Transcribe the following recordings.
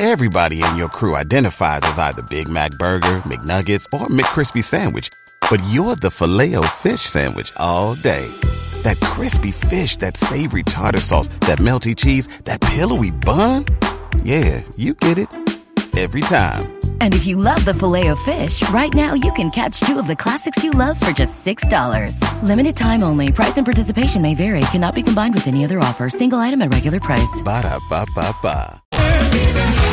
Everybody in your crew identifies as either Big Mac Burger, McNuggets, or McCrispy Sandwich, but you're the filet fish Sandwich all day. That crispy fish, that savory tartar sauce, that melty cheese, that pillowy bun. Yeah, you get it. Every time. And if you love the filet of fish, right now you can catch two of the classics you love for just $6. Limited time only. Price and participation may vary. Cannot be combined with any other offer. Single item at regular price. Ba da ba ba ba.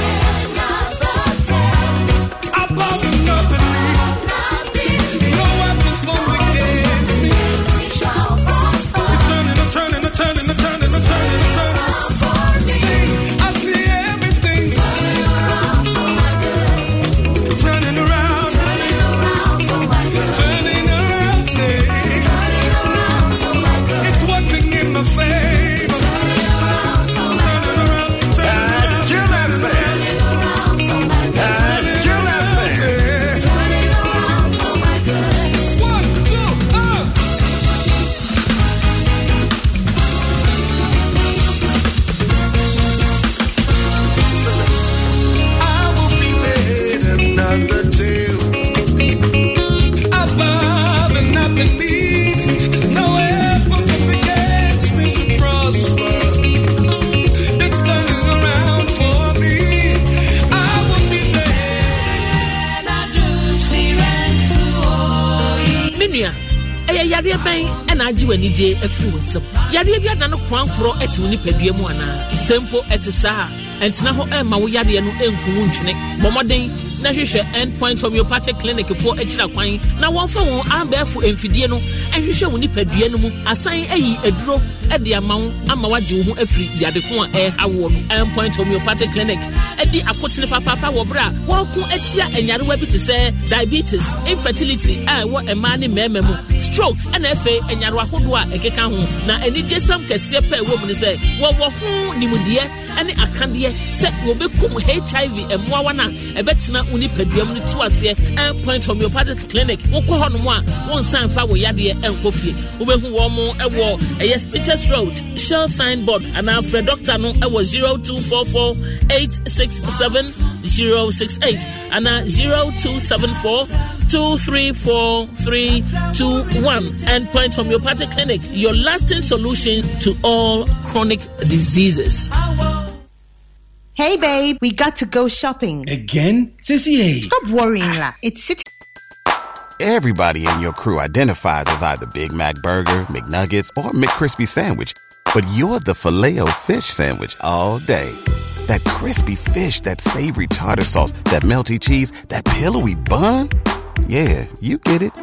yareɛ bɛn ɛna agye w'anigye afiri nsam yareɛ bi no korankorɔ etuni wo nipadua mu anaa sɛ mpo ɛte saa a ɛntena hɔ ɛmma wo yareɛ no ɛnku wo ntwene bɔ mmɔden na hwehwɛ endpoint homeopathic clinic foɔ akyira kwan na wɔmfa wɔn abɛɛfo mfidie no ɛhwehwɛ wo nipadua no mu asan ayi aduro ɛde ama wo ama wagye wo ho afiri yadeko a ɛrehawoɔ no endpoint homeopathic clinic ɛdi akotene papaapa wɔ berɛ a wɔko atia anyarewa bi te sɛ diabetes infertility a ɛwɔ mmaa ne mmarima mu stroke ɛna afei anyarewa ahodoɔ a ɛkeka ho na anigyesɛm kɛseɛ pɛ ɛwɔ mu ne sɛ wɔwɔ ho nimdeɛ ne akadeɛ sɛ wɔbɛkum hiv mmoawa no a ɛbɛtena wo nipaduam no to aseɛ endpoint homeopathic clinic wokɔ hɔ nom a wonsan mfa wo yadeɛ ɛnkɔ fie wobɛhu wɔ mo ɛwɔ ɛyɛ speeches road shell signboard anaa frɛ doctor no ɛwɔ 0244 867 068 anaa 0274 234321 point homeopathic clinic your lasting solution to all chronic diseases Hey, babe, we got to go shopping. Again? Sissy, Stop worrying, la. It's City. Everybody in your crew identifies as either Big Mac Burger, McNuggets, or McCrispy Sandwich, but you're the filet fish Sandwich all day. That crispy fish, that savory tartar sauce, that melty cheese, that pillowy bun. Yeah, you get it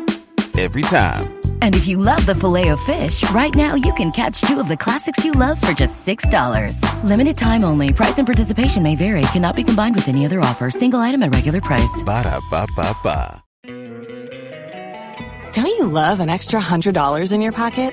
every time. And if you love the filet of fish, right now you can catch two of the classics you love for just $6. Limited time only. Price and participation may vary. Cannot be combined with any other offer. Single item at regular price. Ba da ba ba ba. Don't you love an extra $100 in your pocket?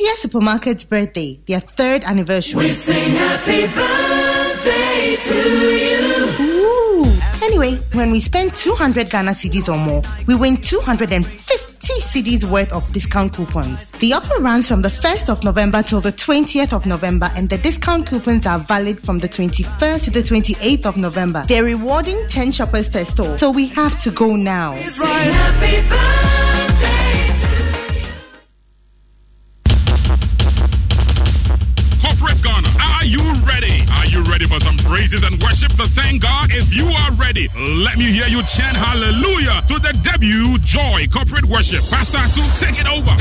Dear Supermarket's birthday, their third anniversary. We sing happy birthday to you. Ooh. Anyway, when we spend 200 Ghana CDs or more, we win 250 CDs worth of discount coupons. The offer runs from the 1st of November till the 20th of November, and the discount coupons are valid from the 21st to the 28th of November. They're rewarding 10 shoppers per store, so we have to go now. praises and worship. Let me hear you chant hallelujah to the debut Joy Corporate Worship. Pastor 2, take it over.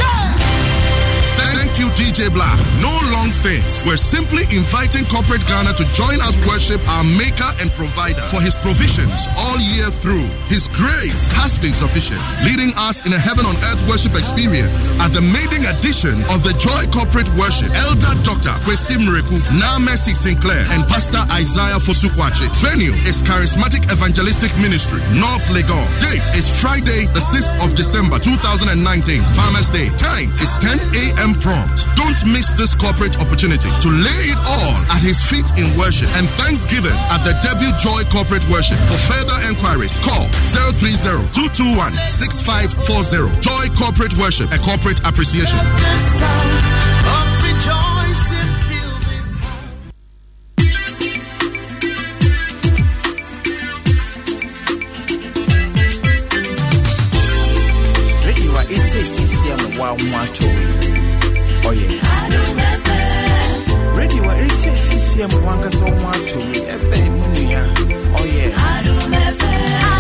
Thank you, DJ Black. No long things. We're simply inviting Corporate Ghana to join us worship our Maker and Provider for His provisions all year through. His grace has been sufficient, leading us in a heaven on earth worship experience at the maiden edition of the Joy Corporate Worship. Elder Dr. Kwesi Mreku, Mercy Sinclair, and Pastor Isaiah Fosukwache. Venue is Charismatic Evangelism. Evangelistic Ministry, North Legon. Date is Friday, the 6th of December 2019, Farmers Day. Time is 10 a.m. prompt. Don't miss this corporate opportunity to lay it all at His feet in worship and thanksgiving at the Debut Joy Corporate Worship. For further enquiries, call 030 221 6540. Joy Corporate Worship, a corporate appreciation. It is sisia no wɔaho atɔ ɔyɛ radio a CCM sisia mu wankasa wo Oh, yeah.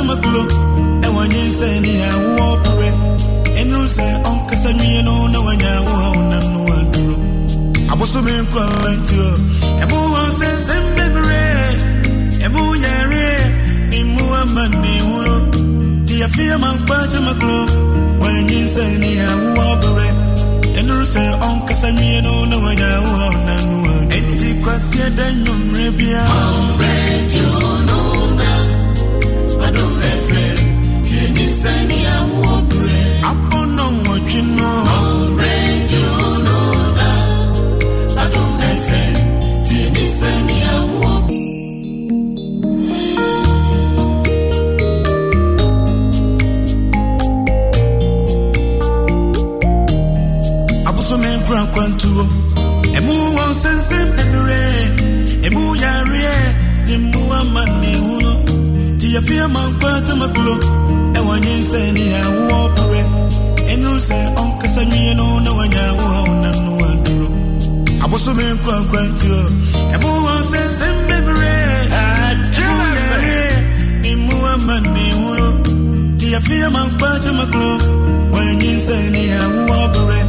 asɛm akuro na wanyɛ sɛ ne a wowɔ porɛ ɛnuru sɛ ɔnkasa nwie no na wanya wo a wonam no aduro abosome nkɔantuo ɛmo wɔ sɛ nsɛm bebree ɛmo yareɛ ne mu ama ne wo no nti yɛfeɛ mankpa asɛm akuro wanyɛ sɛ ne a wowɔ porɛ ɛnuru sɛ ɔnkasa nwie no na wanya wo a wonam no aduro ɛnti kwaseɛ da nnwommerɛ biara nkwata maklo ɛwɔ nye nsɛ ne awoɔ porɛ ɛno sɛ ɔnkasa nwie no na wanya awoa wo nam no waduro abosome nkwankwantio ɛmo wɔ sɛ nsɛm bebree ne mu ama ne wuro te yɛfeɛ ma nkwata maklo wɔanye nsɛ ne awoɔ porɛ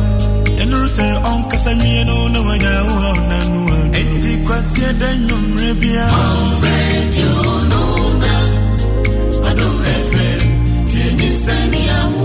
ɛno sɛ ɔnkasa nwie no na wanya awoa wo nam no waduro ɛnti kwaseɛ da nnwummerɛ biara Send me a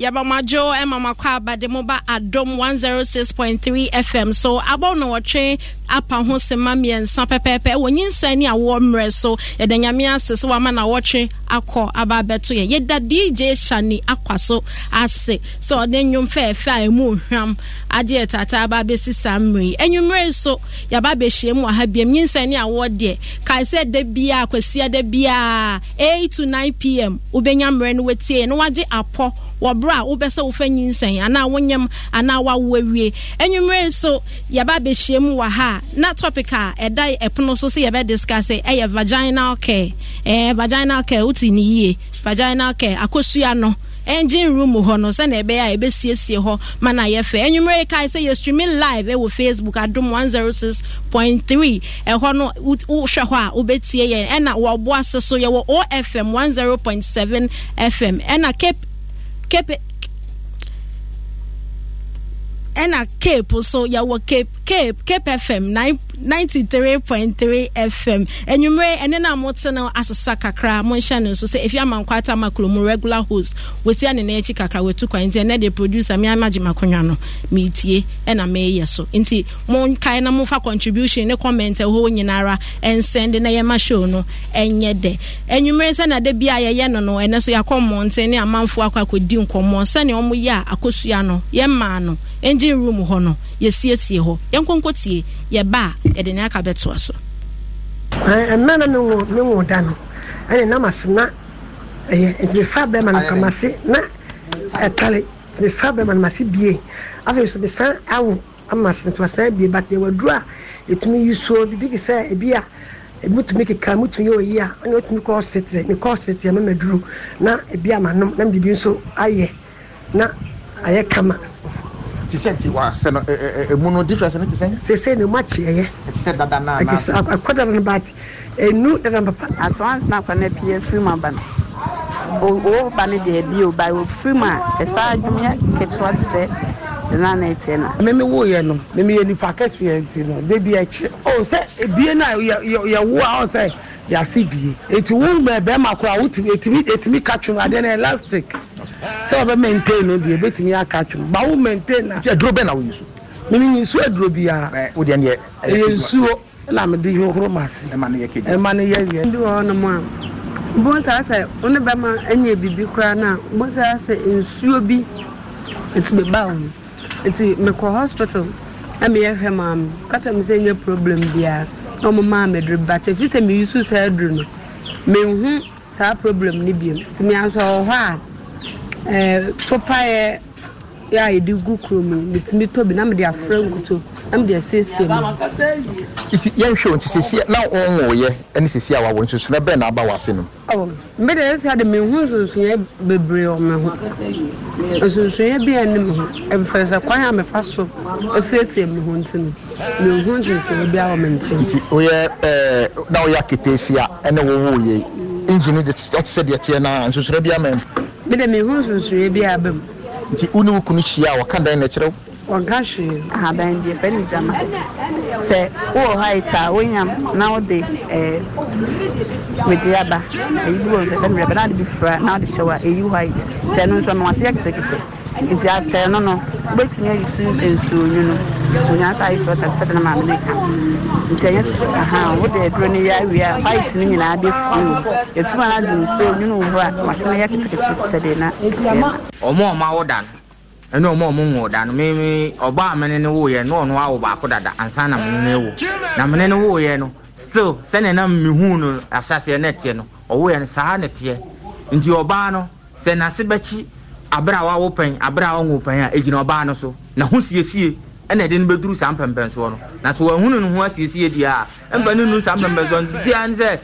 yabamadwo ɛma makɔ aba de mo ba adom 106.3 fm so abɔ no wɔtwe apa ho sema mmiɛnsa pɛpɛɛpɛ ɛwɔ nyinsɛn ne awoɔ mmerɛ so yɛda nyame ase so wama na wɔtwe akɔ aba abɛto yɛ yɛda dj shani akwa so ase sɛ ɔde nnwom fɛɛfɛ a ɛmu hwam agye yɛ tata aba abɛsi saa mmerɛ yi so yɛaba abɛhyia e mu aha biam nyinsɛn ne awoɔ deɛ kae sɛ da biaa kwasia da biaa 8 to 9 pm wobɛnya mmerɛ no wɔtie na wagye apɔ wɔ berɛ a wobɛ sɛ wofa nyinsɛn anaa wonyam anaa wawo awie anwummerɛ nso yɛba abɛhyia mu wɔ ha a na topic a ɛda ɛpono so sɛ yɛbɛdiscase ɛyɛ vaginal care eh, vaginal care wote ne yie vaginal care akɔsua no engine room hɔ no sɛna ɛbɛyɛ a ɛbɛsiesie hɔ ma na yɛ fɛ enwumere kae sɛ yɛ streaming live ɛwɔ facebook adum one zero oh six point three ɛhɔ no wohwɛ hɔ a wobɛtie yɛn ɛna wɔboa se so yɛwɔ ofm one zero oh point seven fm ɛna cape cape ɛna cape so yɛwɔ cape cape cape fm nine ninety three point three fm enyimire ɛne na mo te no asesa kakra mo nhyɛ ne nso sɛ efi amankwa ata ama kurom regular host wotia ne n'akyi kakra wotu kwan nti ɛnɛ de producer mi ama gye m'akonnwa no meetie ɛna meeyɛ so nti mo nkae na mo fa contribution ne comment ɛhɔ nyinara ɛnsɛn na yɛma show no ɛnyɛ dɛ enyimire sɛ na de bi a yɛyɛ no no ɛnɛ so yɛakɔ mmɔnten ne amanfoɔ akɔ akɔdi nkɔmmɔ sɛnea wɔn yɛ a akosua no yɛmaa no engine room hɔ no yɛsiesie hɔ yɛnkonkɔ tie yɛba a yɛde ne aka bɛtoa so mma na mewo da no ɛne nam ase na ɛyɛ nti mefa bɛma no kamase na ɛtale mefa bɛma no mase bie afei so mesan awo ama se nto asan bie bat yɛwaduru a ɛtumi yi suo bibi ke sɛ ebi a mutumi keka mutumi yɛ oyi a ɔne ɔtumi kɔ hospital mekɔ hospital mama duru na ebi ama nom na mede bi nso ayɛ na ayɛ kama ti sɛ nti wa sɛ no ɛɛ ɛmu no difference no ti sɛ. sese ne mu akyi ɛyɛ. ɛti sɛ dada naa naa. ɛti sɛ akɔ dada no baati enu dada no papa. ato ansi na akɔ na pie firi mu aba no owo ba ne deɛ bi o ba o firi mu a ɛsa adwuma ketewa ti sɛ ɛna na ɛtiɛ na. mímí wo yɛ no mímí yɛ nipa kɛseɛ ti no debi ɛkyi o sɛ ebie na yɛ yɛ wo a ɔsɛ. yasi bie eti wo mɛ bɛrima kora wotumi etumi etumi katwi mu adeɛ na elastic sɛ ɔbɛ maintain no deɛ ebetumi akatwi mu ba wo maintain na. ti aduro bɛn na o yi so. mimi yi nsuo aduro biara. o deɛ n yɛ. ɛyɛ nsuo ɛna mi di hohoro ma se. ɛma ne yɛ kejì. ɛma ne yɛ yɛ. ndi wɔ ɔnum a bonsa asɛ ɔne bɛrima ɛnyɛ bibi kora na bonsa asɛ nsuo bi eti mi ba wɔn eti mi kɔ hospital ɛmi yɛ hwɛ maame kata mi sɛ nye problem biara. na ɔmo maa mi duro but efi sɛ mi yusu saa duro no mehu saa problem ne biem nti mi asɔ wɔ hɔ a ɛɛ eh, sopa yɛ a yɛde gu kurom metumi tɔ bi na mede afrɛ nkuto na mede asiesie mu nti yɛnhwɛ o nti sesie na ɔnwoyɛ ne sesie a wawɔ nsusu na bɛn na aba wase no mede ɛsi ade mehu nsonsoeɛ bebree wɔ me ho nsonsoeɛ bi a ɛne me ho ɛfɛ sɛ kwan a mefa so asiesie me ho nti no mehu nsonsoeɛ bi a wɔ me nkyɛn nti woyɛ na woyɛ aketesia ɛne wɔwɔ yɛ engine de ɔte sɛ deɛ teɛ no a nsusueɛ bi ama mu mede mehu nsonsoeɛ bi a bɛmu nti wo ne wo kunu hyia a wɔka dan na kyerɛ wo wɔnka hwee ahaban bi ɛfɛ ne gyama sɛ wowɔ hɔ ayɛ taa wonyam na wode eh, wede aba ɛyi bi wɔ sɛ mmerɛ bɛ na wode bi fura na wode hyɛ w a ɛyi hɔ ayɛ sɛ ɛno nso no wasɛ ketekete nti asɛ no no wobɛtumi ayi so nsuonwu no onyansa ayi fɛ ɔtɛte sɛde no maame no ka nti ɛnyɛ aha wode aduro no yɛ awie a white no nyinaa bɛfiri wo ɛfuma no ade nsuo nwono wo hɔ a wɔtene yɛ ketekete sɛdeɛ na ɛtiɛ ɔmo ɔma woda no ɛne ɔmo ɔmo wo da no meme ɔbaa mene no woyɛ na ɔno awo baako dada ansa na mene no ɛwo na mene no woyɛ no still sɛne na mehu no asaseɛ no ɛteɛ no ɔwoyɛ no saa ne teɛ nti ɔbaa no sɛ nase bɛkyi abere a wawo pɛn abere a wɔnwo pɛn a egyina ɔbaa no so na ho siesie ɛna ɛde no bɛduru saa mpɛmpɛnsoɔ no na sɛ wɔhunu no ho asiesie deɛ a ɛmfa no nu saa mpɛmpɛnsoɔ no tia ne sɛ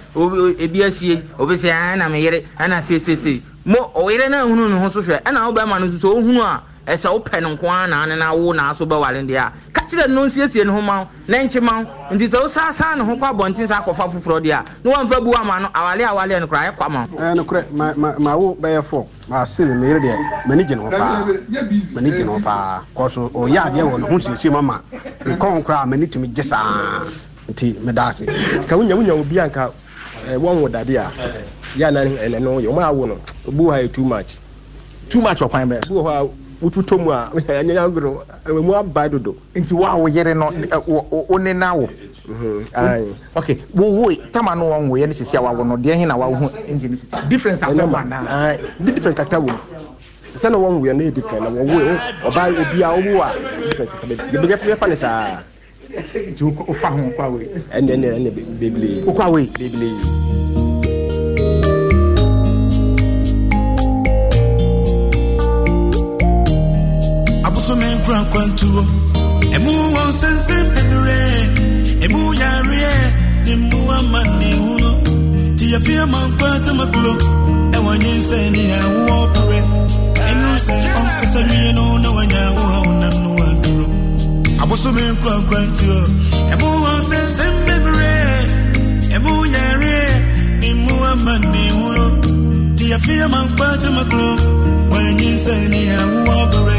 ebi asie obi sɛ ɛna meyere ɛna seesesei mo ɔyere no ahunu no ho so hwɛ ɛna wo bɛrima no nso sɛ ɔhunu a ɛsɛ wopɛ no nko ara naane na wo naa so bɛware deɛ a ka kyerɛ no nsiesie ne ho ma ma nti sɛ wosaasaa ne ho kɔ abɔnten a na wamfa bu ama no awale awale no koraa ɛkɔ ama eh, ma wo bɛyɛ fo maasere meyere deɛ m'ani gye ne ho paa m'ani gye ne ho paa ɔyɛ adeɛ wɔ ne ho ma ma m'ani tumi gye saa nti ka wonya wonya anka eh, wɔnwo dade a yɛ anan ɛnɛ no yɛ ɔma awo wotutɔ mu a ɛnyɛ agorɔ mu aba dodo. nti wo a wo yere no wo ne na wo. Mhm, ok wo wo tama no wɔn wo yɛ ne sisi a wa wo no deɛ hin na wa wo ho engine ne sisi. difference akɔ ma na. di difference kakra wo sani wɔn wo yɛ ne yɛ different na wɔn wo yɛ ɔbaa obi a ɔwo a difference kakra bɛ yɛ bɛ fa ne saa. nti o fa ho o kɔ awoe. ɛnɛ ɛnɛ ɛnɛ bebree. o bra kwantuo emu wɔn sɛnsɛn bebree emu yareɛ ne mu ama ne ho no te yɛ fia ma nkwa tamakulo ɛwɔ nye nsɛn ne awoɔ pere ɛnu sɛ ɔnkasa wie no na wanya awoɔ na no duro. abosome nkwa kwantuo emu wɔn sɛnsɛn bebree emu yareɛ ne mu ama ne ho no te yɛ fia ma nkwa tamakulo wɔn nsɛn ne awoɔ pere.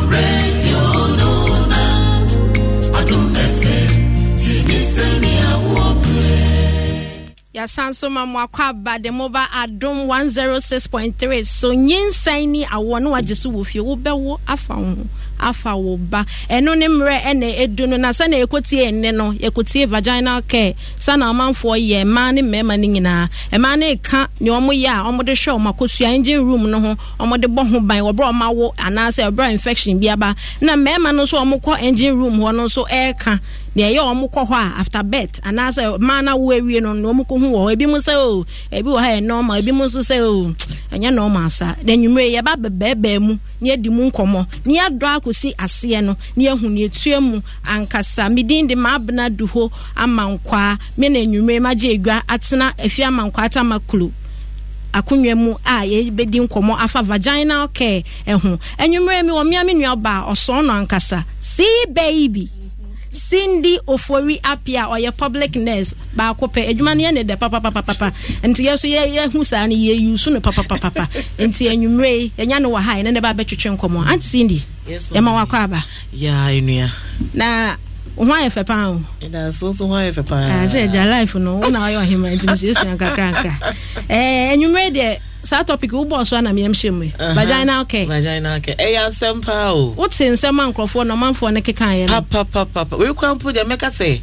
yɛasan oh so ma mo akɔ aba de moba adom 106.3 so nyinsɛn ni awɔ no wagye so wɔ fie wobɛwo afa wo afa wo ba ɛno ne mmerɛ ɛna ɛdu no na sɛna yɛkɔtie ɛnɛ no yɛkɔtie vaginal care sɛna ɔmanfoɔ yɛ mmaa ne mmarima no nyinaa e mmaa no ɛka nea ɔmo yɛ a ɔmo de hwɛ ɔmo akosua engine room no ho ɔmo de bɔ ho ban wɔ berɛ ɔmo awo anaasɛ ɛberɛ infection bi aba na mmarima no nso ɔmo kɔ engine room hɔ no nso ɛɛka na ɛyɛ ɔmo kɔ hɔ a after birth anaasɛ na na ɔmo ho wɔ ebi mo sɛ o oh, ebi wɔ ha yɛ normal ebi mo nso sɛ o oh, ɛnyɛ normal saa na enyimire yɛba bɛbɛɛbɛɛ mu na yɛdi mu nkɔmɔ na aseɛ na na etua ankasa mi din de maa bena du hɔ mi na enyimire ma gye atena efi ata ma kuro akonnwa mu a yɛbɛdi nkɔmmɔ afa vaginal care ɛho mi wɔ mmea cindy ofori apia ɔyɛ public nurse baako pɛ adwuma no yɛ ne dɛ papapapapa nti yɛ so yɛhu saa no yɛyu so no papapapapa nti anwummerɛ yɛnya no wɔ ha ɛne ne ba bɛtwetwe nkɔmmɔ ante cindy yɛma wakɔ aba na wo ho ayɛ fɛ paa o sɛ agya life no wona wayɛ ɔhema nti mesuasua nkakrankra anwummerɛ deɛ saa topic wobɔ so ana meɛmhyɛ mu uh-huh. vaginal care vaginal care eh, ɛyɛ asɛm paa o wote nsɛm a nkurɔfoɔ no ɔmanfoɔ eh, no keka eh, yɛ no papapapa werekura mpo deɛ mɛka sɛ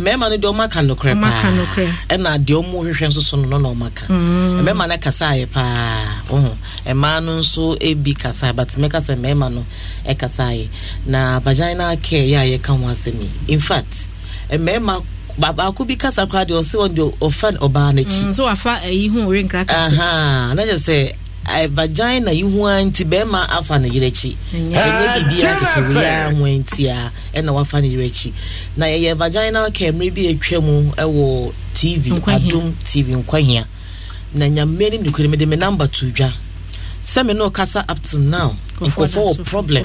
mmarima no deɛ ɔmaka nokorɛ paaka nokorɛ ɛna deɛ ɔmo hwehwɛ nsoso so no na ɔmaka mmarima no mm. kasa ayɛ paa woho mmaa no nso bi kasa but mɛka sɛ mmarima no ɛkasa ayɛ na vaginal care yɛ a yɛka ho asɛm yi in fact mmarima baako bi kasa koraa deɛ ɔsɛ wɔn deɛ ɔfa ɔbaa n'akyi. nso wafa ɛyi ho ɔre nkira kasa. na kyɛ sɛ vagina yi ho a nti bɛrima afa ne yere akyi ɛnyɛ biribi a ketewa ho nti a ɛna wafa ne yere akyi na yɛyɛ vagina kɛmere bi atwa mu ɛwɔ e tv adum tv nkwahia na nyamea nim nukuri mi de mi namba to dwa sɛ mi kasa up to now nkɔfɔ wɔ problem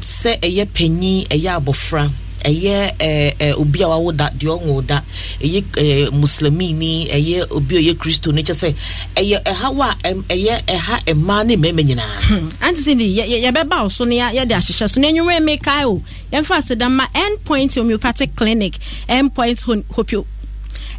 sɛ ɛyɛ panyin ɛyɛ abɔfra. ɛyɛ eh, eh, obi a wawo da deɛ ɔnwo da ɛyɛ eh, muslimi ni ɛyɛ obi a ɔyɛ kristo ni kyɛ sɛ ɛyɛ ɛhaw a ɛyɛ ɛha mmaa ne mmarima nyinaa. Hmm. antisi ni yɛbɛba o so ne yɛde ahyehyɛ so na enyimire mi kae o yɛmfa ase dama end homeopathic clinic end point homeopathic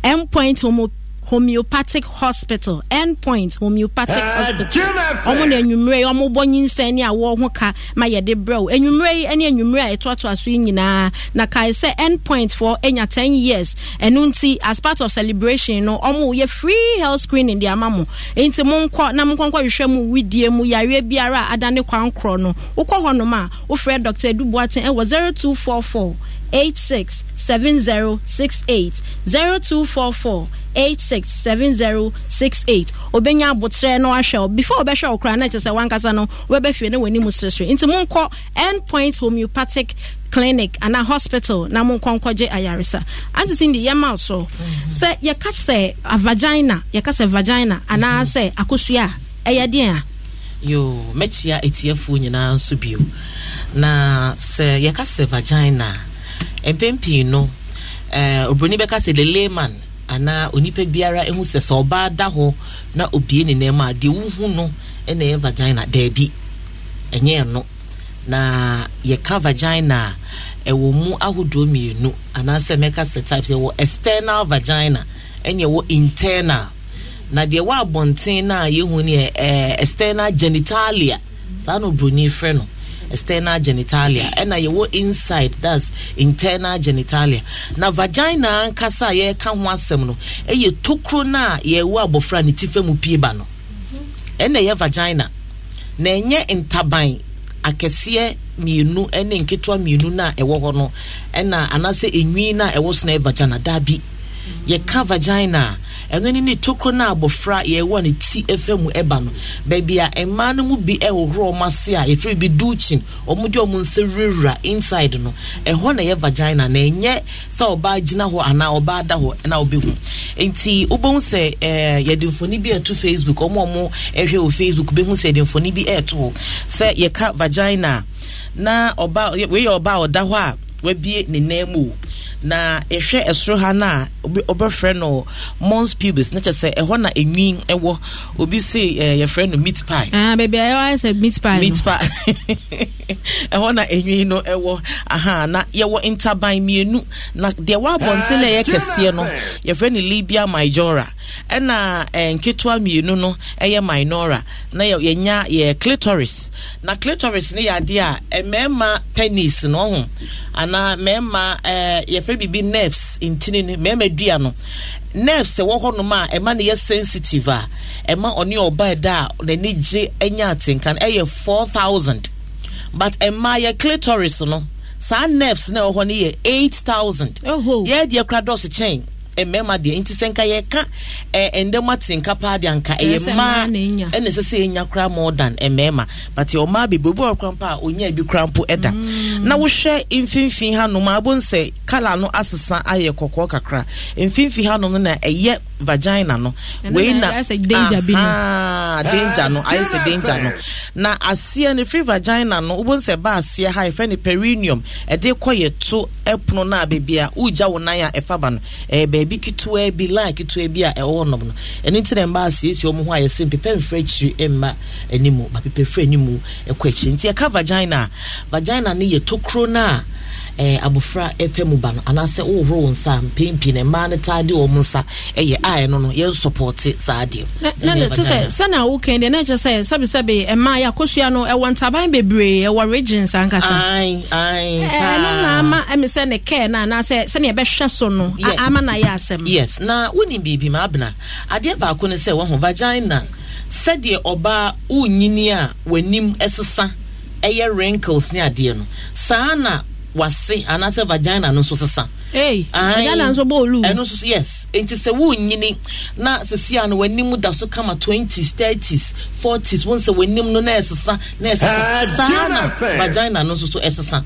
end point homeopathic homeopathic hospital endpoint homeopathic hospital ɔmo na enyimire yi ɔmo bɔ nyinsɛn ne awɔ ho ka ma yɛde brɛw enyimire yi ɛne enyimire a ɛtoatoa so yi nyinaa na kae sɛ endpoint for enya ten years ɛnu nti as part of celebration no ɔmo yɛ free health screening de ama mo nti mo nkɔ na mo nkɔnkɔ hwehwɛ mu widie mu yareɛ biara a adane kwan korɔ no wokɔ hɔ nom a wofrɛ dr edu boaten ɛwɔ zero two four four. 0244 867068 obenya abotire na wahwɛ o before ɔbɛhwɛ ɔkora na kyerɛ sɛ wankasa no wobɛbɛfie na w'anim seresere Into Munko endpoint homeopathic clinic and mhm. a hospital Ayarisa. monkɔ nkɔgye in the Yamal so Say, sɛ yɛka sɛ vagina you catch sɛ vagina and I anaa sɛ akosua a ɛyɛ deɛn a yo mɛkyia atiefoɔ nyinaa nso Now, say, you catch sɛ vagina a mpɛn pii no eh, obroni bɛka sɛ the layman anaa onipa biara ehu sɛ sɛ ɔbaa da hɔ na obie ne nan a deɛ wohu no ɛna ɛyɛ vagina daabi ɛnyɛ ɛno na yɛka vagina a ɛwɔ mu ahodoɔ mmienu sɛ mɛka sɛ types ɛwɔ external vagina ɛna ɛwɔ internal na deɛ wɔ abɔnten na yɛhu ne yɛ eh, ɛɛ external genitalia saa na obroni frɛ no. external genitalia ɛna yɛwɔ inside that's internal genitalia na vagina ankasa a yɛreka ho asɛm no ɛyɛ tokuro no a yɛwɔ abɔfra ne tifa mu pie ba no ɛna ɛyɛ vagina na ɛnyɛ ntaban akɛseɛ mmienu ne nketewa mmienu no a ɛwɔ hɔ no ɛna anaasɛ nwi no a ɛwɔ so na ɛyɛ vagina bi yɛka vagina a ɛno ne ne tokuro no abɔfra yɛwɔ ne ti ɛfa mu ɛba no baabi a mmaa no mu bi ɛhohoro e ɔmo ase a yɛfiri e bi duchin ɔmo de ɔmo nsa wurawura inside no ɛhɔ e na ɛyɛ vagina na ɛnyɛ sɛ ɔbaa gyina hɔ anaa ɔbaa da hɔ ɛna ɔbɛhu nti wobɛhu sɛ ɛɛ yɛde mfoni bi ɛto facebook ɔmo ɔmo ɛhwɛ wɔ facebook bɛhu sɛ yɛde mfoni bi ɛɛto hɔ sɛ yɛka vagina na ɔbaa wei yɛ ɔbaa ɔda hɔ a w'abue ne nan mu o na ɛhwɛ ɛsoro ha no a ɔbɛfrɛ no mons pubis na kyɛ sɛ ɛhɔ na ɛnwin ɛwɔ obi se eh, yɛfrɛ no meat pie ah, baabi a ɛwɔ ayɛ sɛ meat pie meat pie ɛhɔ na ɛnwin no ɛwɔ aha na yɛwɔ ntaban mmienu na deɛ wɔabɔnten na ɛyɛ kɛseɛ no yɛfrɛ no libia majora ɛna eh, nketewa mmienu no ɛyɛ minora na yɛnya yɛ clitoris na clitoris no yɛ adeɛ a eh, mmarima penis no ho anaa mmarima ɛɛ yɛfrɛ biribi nerves ntini no mmarima dua no nerves ɛwɔ hɔnom a ɛma no yɛ sensitive a ɛma ɔne ɔba ɛda a n'ani gye anya atenka no ɛyɛ four thousand but ɛma yɛ clitoris no saa nerves na ɛwɔ hɔ no yɛ eight thousand yɛ deɛ kora dɔɔso kyɛn mmarima deɛ nti sɛ nka yɛka ndɛm ate nka paa deɛ anka ɛyɛ mmaa ɛna ɛsɛ sɛ yɛnya kora more than mmarima but ɔmaa bebree obi wɔ kora mpo a ɔnya bi kora mpo ɛda mm. na wohwɛ mfimfini hanom abonsɛ kala no asesa ayɛ kɔkɔɔ kakra mfimfini hanom no na ɛyɛ vagina no wei na ahaa danger no ayɛ sɛ ah, danger no na aseɛ no free vagina no wobɛhu ba aseɛ ha yɛfrɛ no perineum ɛde kɔ yɛ to ɛpono no a baabi a wogya wo nan a ɛfa ba no ɛyɛ baabi baabi ketewa bi line ketewa bi a ɛwɔ nom no ɛno nti na mmaa asiesie wɔn ho a yɛsɛ mpepɛ mfrɛ akyiri mma anim ba pepɛ frɛ anim ɛkɔ akyiri nti yɛka vagina vagina ne yɛ tokuro no a ɛɛ eh, abofra ɛfɛ mu ba no anaasɛ ɔwɔhoro wɔn nsa mpempi na mmaa ne taade wɔn nsa ɛyɛ a ɛno no yɛn sɔpɔɔte saa adeɛ. na na kyerɛ sɛ sɛnea deɛ na kyerɛ sɛbisɛbi mmaa yɛ akosua no ɛwɔ ntaban bebree ɛwɔ regions ankasa. Eh, ɛno na ama ɛmi sɛ ne kɛɛ na anaasɛ sɛnea ɛbɛhwɛ so no ama na yɛ asɛm. yes na wonim biribi ma abena adeɛ baako ne sɛ wɔn ho vagina sɛdeɛ ɔbaa wonyini a w'anim ɛsesa ɛyɛ wrinkles ne adeɛ no saa na wase anaasɛ vagina no nso sesa. ee vagina nso bɔ olu. ɛno nso yes nti sɛ wonyini na sisi ano w'anim da so kama twenties thirties forties wɔn sɛ w'anim no na ɛsesa na ɛsesa ah, saa na vagina no nso so ɛsesa.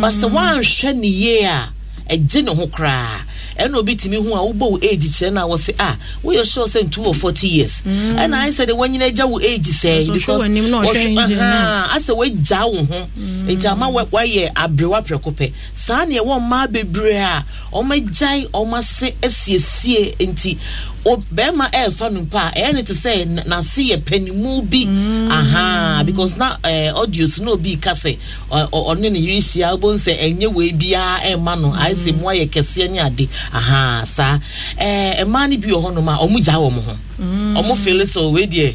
basa wɔanhwɛ ne yie a ɛgye ne ho koraa. ɛna obi tumi a wobɔ wo age kyerɛ no a wɔ se a ah, woyɛ sure sɛ wɔ 40 years mm. ɛna ayɛ sɛ de wanyina agya wo age sɛe asɛ woagya wo ho mm. nti ama woayɛ aberewa prɛko pɛ saa neɛ ɛwɔ mmaa bebree a ɔmagyae ɔmase asiesie nti bɛrima ɛɛfa no mpa a ɛyɛ ne te sɛ n'ase yɛ panimu bi mm. aha because na eh, audios na obi ka sɛ ɔne ne wobɛhu sɛ ɛnyɛ wei biara no ayɛ sɛ mu aha ɛɛ eh, mmaa no bi wɔ a ɔmo gya wɔ ho mm. ɔmo fele sɛ wei deɛ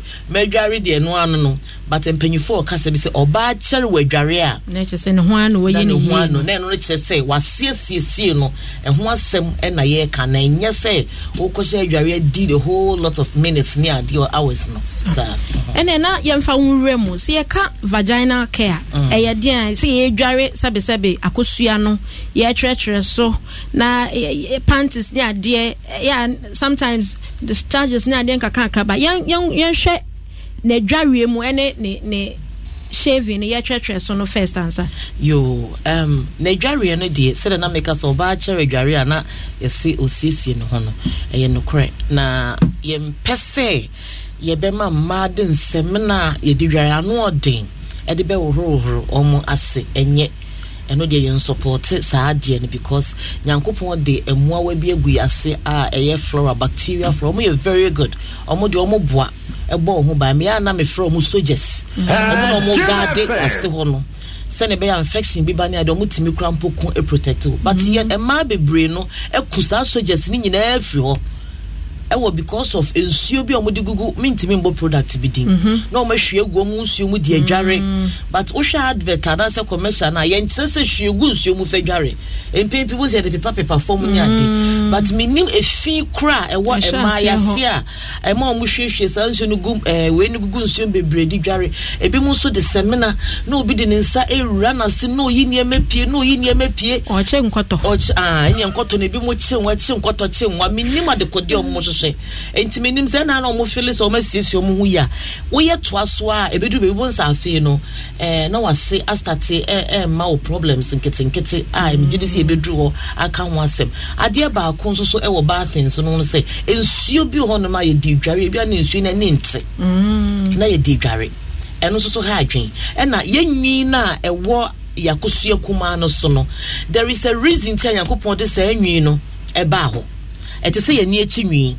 but mpanyinfoɔ ɔka sɛ bi sɛ ɔbaa kyɛre wɔ adware a na ɛkyɛ sɛ ne ho ano wɔyɛ ne ho ano na ɛno no kyerɛ sɛ wasiesie no ɛho asɛm ɛna yɛreka na ɛnyɛ sɛ wokɔhyɛ adware di the whole lot of minutes ne adeɛ hours no saa ɛnɛ na yɛmfa wo nwura mu sɛ yɛka vaginal care mm. ɛyɛ deɛ a sɛ yɛdware sɛbesɛbe akosua no yɛkyerɛkyerɛ so na panties ne adeɛ sometimes discharges ne adeɛ nkakrankra ba yɛnhwɛ n'adwareɛ mu ne ne ne shaving no yɛtwerɛtwerɛ so no first answer. Yo, um, n'adwareɛ no deɛ sɛdeɛ na meka sɛ ɔbaa kyerɛ adwareɛ a na yɛsi osiesie ne ho no ɛyɛ nokorɛ na yɛmpɛ sɛ yɛbɛma mmaa de nsɛm na yɛde dware ano ɔden ɛde bɛhohorohoro wɔn ase ɛnyɛ ɛno deɛ yɛn support saa adeɛ no because nyankopɔn de mmoawa bi agu ase a ɛyɛ flora bacteria flora ɔmo yɛ very good ɔmo deɛ ɔmo boa ɛbɔ wɔn ho ban mmea anam efra ɔmo soldiers ɔmo ah, na ɔmo gaade ase hɔ no sɛne ɛbɛyɛ infection bi ba ne adeɛ ɔmo tumi kura mpo ko protect o but yɛn mmaa bebree no ɛku saa soldiers ne nyinaa firi hɔ ɛwɔ because of nsuo bi a wɔde gugu mintimi mbɔ product bi din mhm. na wɔn ahwie egu wɔn nsuo mu de adware mm. but wohwɛ advert anaasɛ commercial na yɛn kyerɛ sɛ hwie gu nsuo mu fɛ dware mpempi wo sɛ yɛde pepa pepa fam ne ade mm. but minim efi kora ɛwɔ e ɛmaa e yase a ɛmaa e wɔn hwiehwie saa nsuo no gu ɛɛ wei no gugu nsuo bebree di dware ebi mu nso de sɛmina na obi de ne nsa ewura n'ase na oyi nneɛma pie na oyi nneɛma pie. ɔkyɛ nkɔtɔ ɔkyɛ aa ɛnyɛ nkɔtɔ na ebi mu kye nwa kye nkɔtɔ kye nwa menim adekodeɛ ɔmo hyehyɛ ahye nti menim sɛ na ɔmo fili sɛ ɔmo asiesie ɔmo ho yi woyɛ toa so a ebeduru beebi bɔ nsaafee no ɛɛ eh, na wase astate ɛɛ ɛɛma wɔ problems nketenkete a ɛmɛ gye de si hɔ aka ho asɛm adeɛ baako nso so ɛwɔ baasen so no sɛ nsuo bi hɔ nom a yɛdi dware ebi a nsuo na ne nte mm. na yɛdi dware ɛno nso so ha adwen ɛna yɛnwi na ɛwɔ yakosua kumaa no so no there is a reason ti a nyankopɔn de saa nwi no ɛbaa hɔ ɛte sɛ yɛn ni akyi nwii.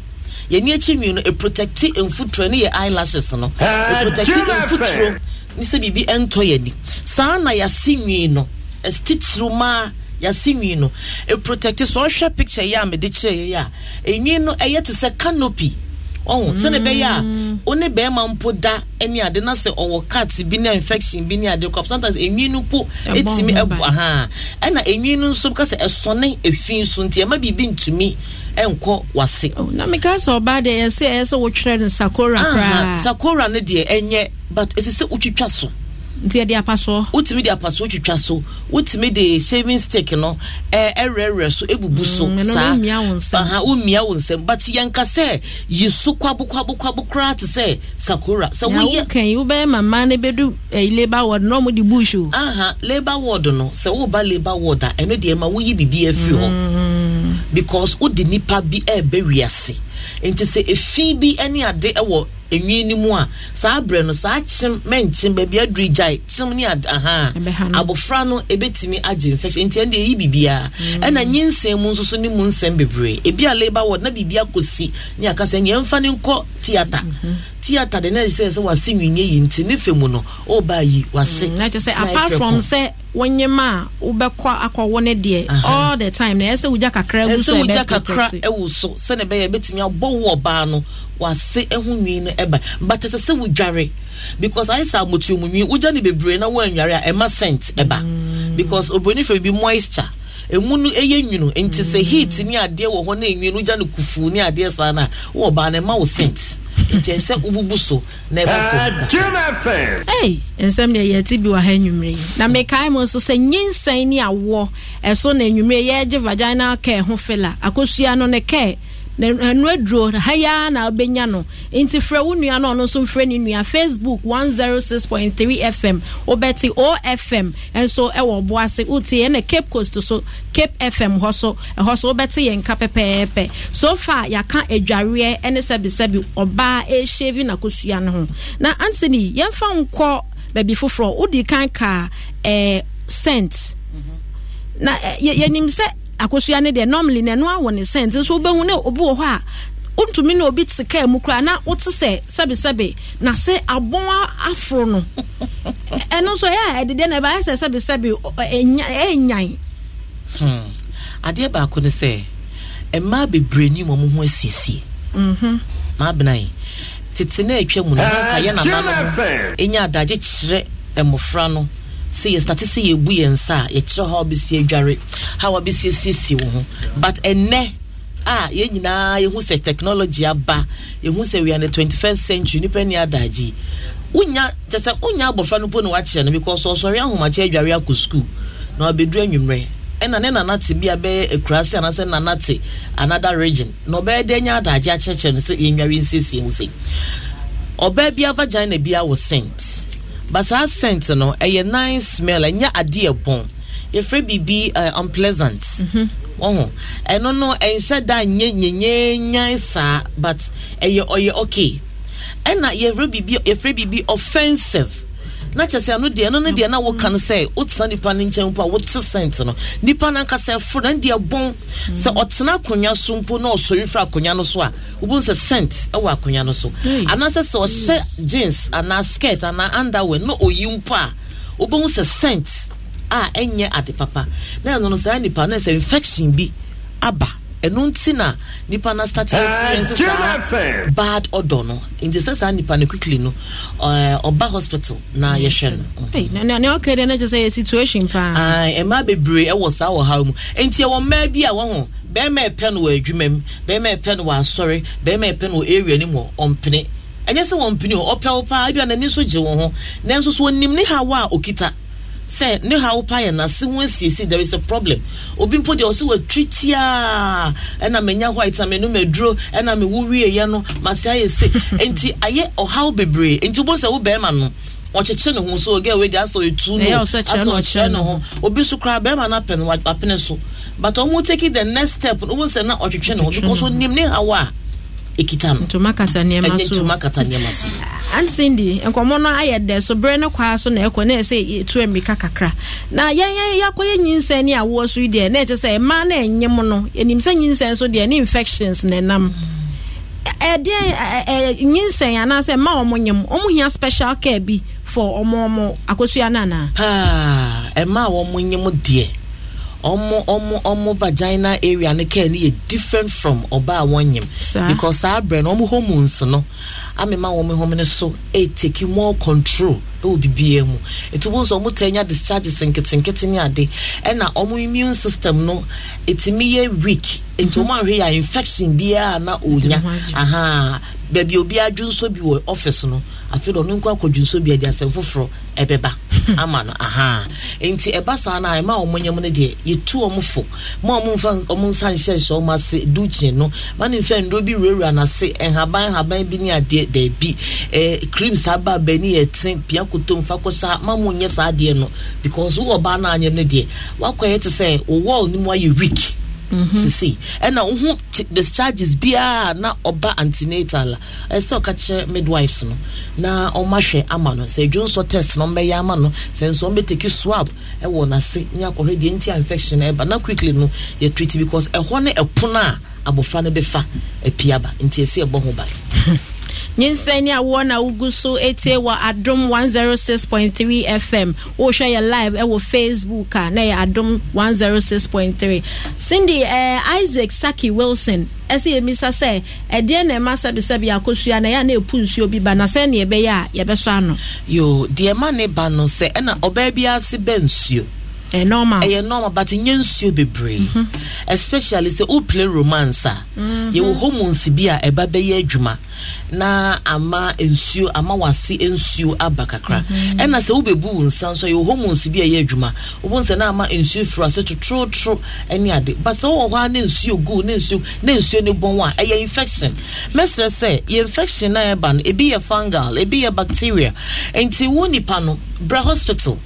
yɛni akyi nwi no ɛprotɛkte mfuturo ne yɛ eyelashes no ɛprotɛkte mfuturo ne sɛ biribi ɛntɔ yɛni saa na yɛase nwi no ɛtitiriw maa yɛase nwi no ɛprotɛkte sɛ ɔhwɛ picture yi a mede kyerɛ yɛ a ɛnwi no ɛyɛ te sɛ canopy ɔho sɛne ɛbɛyɛ a mm. wo ne bɛrima mpo da ani ade na sɛ ɔwɔ cat bi ne infection bi ne ade kɔ sometimes enwi no po etimi ɛbu aha ɛna enwi no nso ka sɛ ɛsɔne efi nso nti ɛma biribi ntumi ɛnkɔ wase. Oh, na mika sɛ ɔbaa de yɛ sɛ ɛyɛ wotwerɛ no sakora koraa sakora no deɛ ɛnyɛ but esi sɛ wotwitwa so. nti yɛde apa so. wotumi de apa so so wotumi de shaving stick no ɛrɛrɛ so ebubu so mm, saa mmea wo nsɛm aha mmea wo nsɛm but yɛn kasɛ yi so kwabo kwabo kwabo koraa te sɛ sakora sɛ woyɛ. na wokan yi wobɛyɛ mama ne bɛdu ɛyi labour ward na ɔmo de bush o. aha labour ward no sɛ woba labour ward a ɛno deɛ ma woyi bibi efiri hɔ mm. because wode nipa bi ɛɛbɛ wiase nti sɛ efi bi ne ade wɔ enwi no mu a saa abirɛ no saa kyem mɛnkyem baabi aduru gyae kyem ne ad aha abɔfra no ebetumi agye infection nti ɛna eyi biribiara mm. ɛna nye nsɛm mu nso so ne mu nsɛm bebree ebi a labour ward na biribi akɔsi ne akasa nea mfa ne nkɔ theatre mhm. theatre de na ɛsɛ sɛ wase nwinye yi nti ne fɛ mu no ɔba yi wase mm, na ɛkyɛ sɛ apart from sɛ wɔnyɛ a wobɛkɔ akɔwɔ ne deɛ all the time na ɛsɛ wogya kakra ɛwɔ so ɛbɛ protect ɛsɛ wogya kakra ɛwɔ so sɛnɛ bɛyɛ ebetumi abɔ wo ɔbaa no wase nwi no ba but ɛsɛ sɛ because ayɛ sɛ amotuomu nwi wogya no bebree na a ɛma scent mm. because obroni bi moisture emu no ɛyɛ nti sɛ mm. heat ne adeɛ wɔ hɔ na enwi no kufu ne adeɛ saa na ɔbaa no ɛma scent nti ɛsɛ so na nsɛm deɛ yɛte bi wɔ ha na nso sɛ nyinsɛn ni awoɔ ɛso na vaginal care ho ɛnu aduro ha ya na ɔbɛnya no nti frɛ wo nua na ɔno nso mfrɛ ne nua facebook one zero oh six point three fm wobɛte ofm nso ɛwɔ ɔbo ase wotie ɛna cape coast so cape fm hɔ so ɛhɔ so wobɛte yɛn nka pɛpɛɛpɛ so far yɛaka adwareɛ ne sɛbisɛbi ɔbaa ɛhyɛvi n'akosua no ho na anthony yɛmfa nkɔ baabi foforɔ wodi kan ka ɛɛ eh, mhm. na eh, yɛnim sɛ akosua ne deɛ normally na ɛno ne sɛn nso wobɛhu ne obi wɔ hɔ a ntumi na obi te kaa mu na wote sɛ sɛbesɛbe na sɛ abɔn aforo no ɛno nso a ɛdedeɛ na sɛ ɛnyan hmm. adeɛ baako ne sɛ mmaa bebree ni wɔn ho mhm. maa tete na atwa mu na eh, nka yɛ na adagye kyerɛ mmɔfra no sɛ yɛstate sɛ yɛbu yɛn nsa a yɛkyerɛ ha wobɛsie adware ha wobɛsiesiesie wo ho but ɛnɛ a yɛn nyinaa yɛhu sɛ technology aba yɛhu sɛ wia ne 21st century nipa ni adagye wonya kyɛ sɛ wonya abɔfra no po ne wakyerɛ no because ɔsɔre ahomakyɛ adware akɔ school na wabɛduru anwummerɛ ɛna ne nana te bi a bɛyɛ eh, akurase anaasɛ nana te another region na ɔbɛyɛ dɛ nya adagye akyerɛkyerɛ no sɛ yɛnware nsiesie wo sɛ ɔbaa bi avagina bi awɔ sent but saa scent no ɛyɛ nice smell ɛnyɛ adeɛ bɔn yɛfrɛ biribi uh, unpleasant ɔho mm ɛno no ɛnhyɛ da nyɛ nyanyanyan saa but ɛyɛ ɔyɛ okay ɛna yɛfrɛ biribi yɛfrɛ biribi offensive na kyɛ sɛ ano deɛ no no deɛ na woka no sɛ wotena nipa no nkyɛn mpo a wote sɛnt no nipa no ankasa ɛforo na deɛ bɔn sɛ mm. ɔtena akonnwa so mpo na ɔsɔre firi akonnwa no so a wobɛhu sɛ sɛnt ɛwɔ akonnwa no so anaasɛ sɛ ɔhyɛ jeans anaa skirt anaa underwear na ɔyi mpo a wobɛhu sɛ sɛnt a ɛnyɛ ade papa na ɛno no saa nipa no sɛ infection bi aba ɛno nti na nipa na start eh, experience saa bad odor no nti sɛ saa nipa no quickly no eh, ɔba hospital na mm. yɛhwɛ no mm. na na dɛ no kyɛ sɛ yɛ situation paa ɛmaa bebree ɛwɔ saa wɔ haw mu enti ɛwɔ mmaa bi a wɔho bɛrima ɛpɛ no wɔ adwuma mu bɛrima ɛpɛ no wɔ asɔre bɛrima ɛpɛ no wɔ area no mu ɔmpene ɛnyɛ sɛ wɔmpene o ɔpɛ wo paa ebi a n'ani nso gye wɔn ho nanso so onim ne haw a okita sɛ ne ha wo pa yɛ nase ho asiesie there is a problem obi mpo deɛ ɔsɛ watwi tiaa ɛna manya white a menu maduro ɛna mewo wieɛ no mase ayɛ se enti ayɛ ɔhaw bebree enti wobɔ sɛ wo bɛrima no ɔkyekyere ne ho so ɔgɛ wei de asɔ etu no ɔkyerɛ ne ho obi nso koraa bɛrima no apɛ no wapene so but ɔmo take the next step no wɔn sɛ na ɔtwetwe ne ho because onim ne hawa a ekitano ɛkita no eh, ntoma kata nneɛma so ansindi ah, nkɔmmɔ no ayɛ dɛ so berɛ no kwaa so na ɛkɔ na ɛsɛ yɛtu mmirika kakra na yɛyɛyɛakɔyɛ nyinsɛn ne awoɔ so yi deɛ na ɛkyɛ sɛ ɛma na ɛnye mu no ɛnim sɛ nyinsɛn so deɛ ne infections na ɛnam ɛdeɛ nyinsɛn anaasɛ ma ɔmo nyem ɔmo hia special care bi for ɔmo ɔmo akosua no anaa paa ɛma a wɔmo nyem deɛ Ọmụ ọmụ ọmụ vagina area ne care ne different from ɔbaa wɔn nyim because saa brɛ no ɔmo hormones no amịma wɔn hormone so take more control ewu bibiara mu etu ụmụ nso ọmụ tɛn ya discharges nketenkete ne ade ɛna ọmụ immune system no etimi yɛ weak nti ɔmo ya infection biara na onya baabi obi adwonso bi wɔ ɔfis no afei na ɔno nko nsobi bi adi asɛm foforɔ ɛbɛba ama no aha nti ɛba saa no a ɛma wɔn nyɛm no deɛ yɛtu wɔn fo ma wɔn nfa wɔn nsa nhyɛnhyɛ wɔn ase dukyin no ma ne nfa nduro bi wurawura n'ase nhaban nhaban bi ne adeɛ daabi ɛɛ cream saa ba bɛni yɛ ten pia koto nfa kɔsa ma mo nyɛ saa adeɛ no because wowɔ ɔbaa no a nyɛm no deɛ wakɔ yɛ te sɛ owɔ onimu ayɛ weak. sisi ɛna wohu discharges biara na ɔba antinatal a ɛsɛ ɔka kyerɛ uh, midwives no na ɔmahwɛ ama no sɛ adwo nsɔ test na ɔmbɛyɛ ama no sɛ nso ɔmbɛteki swab ɛwɔ e n'ase ne akɔhwɛ deɛ nti a infection ɛba eh, na quickly no yɛ treat because ɛhɔ e e ne ɛpono a abɔfra no bɛfa apiaba nti ɛsɛ ɛbɔ ho ban nyinsɛn ni awoɔ na wogu so etie wɔ adum one zero oh six point three fm wohwɛ yɛ live ɛwɔ facebook a na yɛ adum one zero oh six point three cindy ɛɛ uh, eh, isaac saki wilson ɛsɛ yɛ misa sɛ ɛdeɛ na ɛma sɛbisɛbi akosua na yɛ a na epu nsuo bi ba na sɛ ne yɛbɛyɛ a yɛbɛsɔ ano. yoo deɛ ma ne ba no sɛ ɛna ɔbaa bi ase bɛ nsuo ɛyɛ eh, normal ɛyɛ eh, normal but nye nsuo bebree mm-hmm. especially sɛ o play romance a ah? mm-hmm. yɛwɔ hormones bi a ah, ɛba bɛyɛ adwuma na ama nsuo ama wase nsuo aba kakra ɛna mm-hmm. sɛ wobɛbu wo nsa nso yɛwɔ hormones bi a ɛyɛ adwuma wobu nsɛ na ama nsuo firi ase totorotoro ne ade but sɛ wowɔ hɔ a ne nsuo gu ne nsuo ne nsuo ne bɔn a ɛyɛ eh, infection mɛsrɛ sɛ yɛ infection na ɛba e no ebi yɛ fungal ebi yɛ bacteria nti wo nipa no bra hospital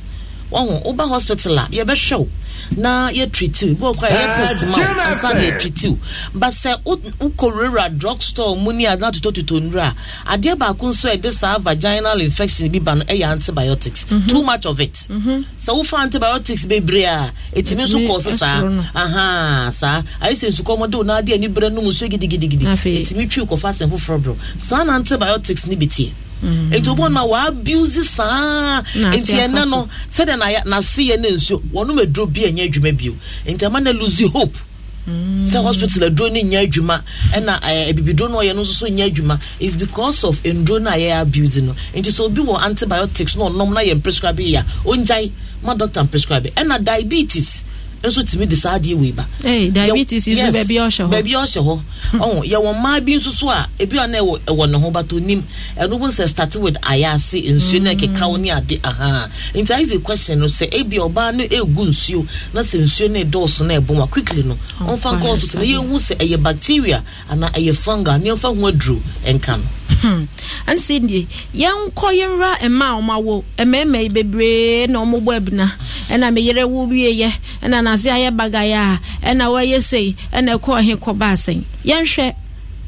wɔho woba hospital a yɛbɛhwɛ wo na yɛtritiw ebi ɔkɔ a yɛ test ma wo ansa na yɛtritiw ba sɛ wokɔwura drug store mu ni adana totɔtotɔ nwura adeɛ baako nso a yɛde saa vaginal infection bi ba no ɛyɛ antibiotics mm -hmm. too much of it mhm. sɛ wofa antibiotics bebree a ɛtumi nso kɔɔ se saa aha saa ayɛ sɛ nsukɔmɔ de wo na adeɛ ani berɛ nom so gidigidigidi ɛtumi twi kɔfa asɛm foforɔ borɔ saa na antibiotics ni bi tie Mm-hmm. nti ah? wɔn na wɔabuse saa nti ɛnɛ no sɛdeɛ na n'ase yɛ ne nsuo wɔn mu aduro bi ɛnyɛ adwuma bio nti ama na lose hope mm-hmm. sɛ hospital aduro no nyɛ adwuma ɛna abibiduro no ɔyɛ no nso so nyɛ adwuma is because of ah, nduro no a yɛ abuse no nti sɛ obi wɔ antibiotics na ɔnom na yɛ prescribe yɛ a ongyae ma doctor prescribe ɛna ah, diabetes nso tumi de saa adeɛ wei ba. ee diabetes yi so baabi ɔhyɛ hɔ baabi ɔhyɛ hɔ hmm. ɔhun yɛwɔ mmaa bi nso so a ebi ɔna ɛwɔ ɛwɔ ne ho bato nim ɛno bó nsɛ start with ayaase nsuo na ɛkeka ne hmm. ade ahan nti ayi sɛ question no sɛ ebi ɔbaa no egu nsuo na sɛ nsuo no ɛdɔɔso na ɛbɔn wa quickly no oh, ɔnfa nkɔ hospital na yɛn ho sɛ ɛyɛ bacteria ana ɛyɛ fungal ne ɔfa ho aduro ɛnka no. ansi hmm. die yɛnkɔ yɛnwura mmaa wɔn awo mmarima yi bebree na wɔn bɔ abina ɛna meyere wo wie yɛ ɛna na ase ayɛ bagayɛ a ɛna wɔyɛ sei ɛna ɛkɔ ɔhe kɔ baasɛn yɛnhwɛ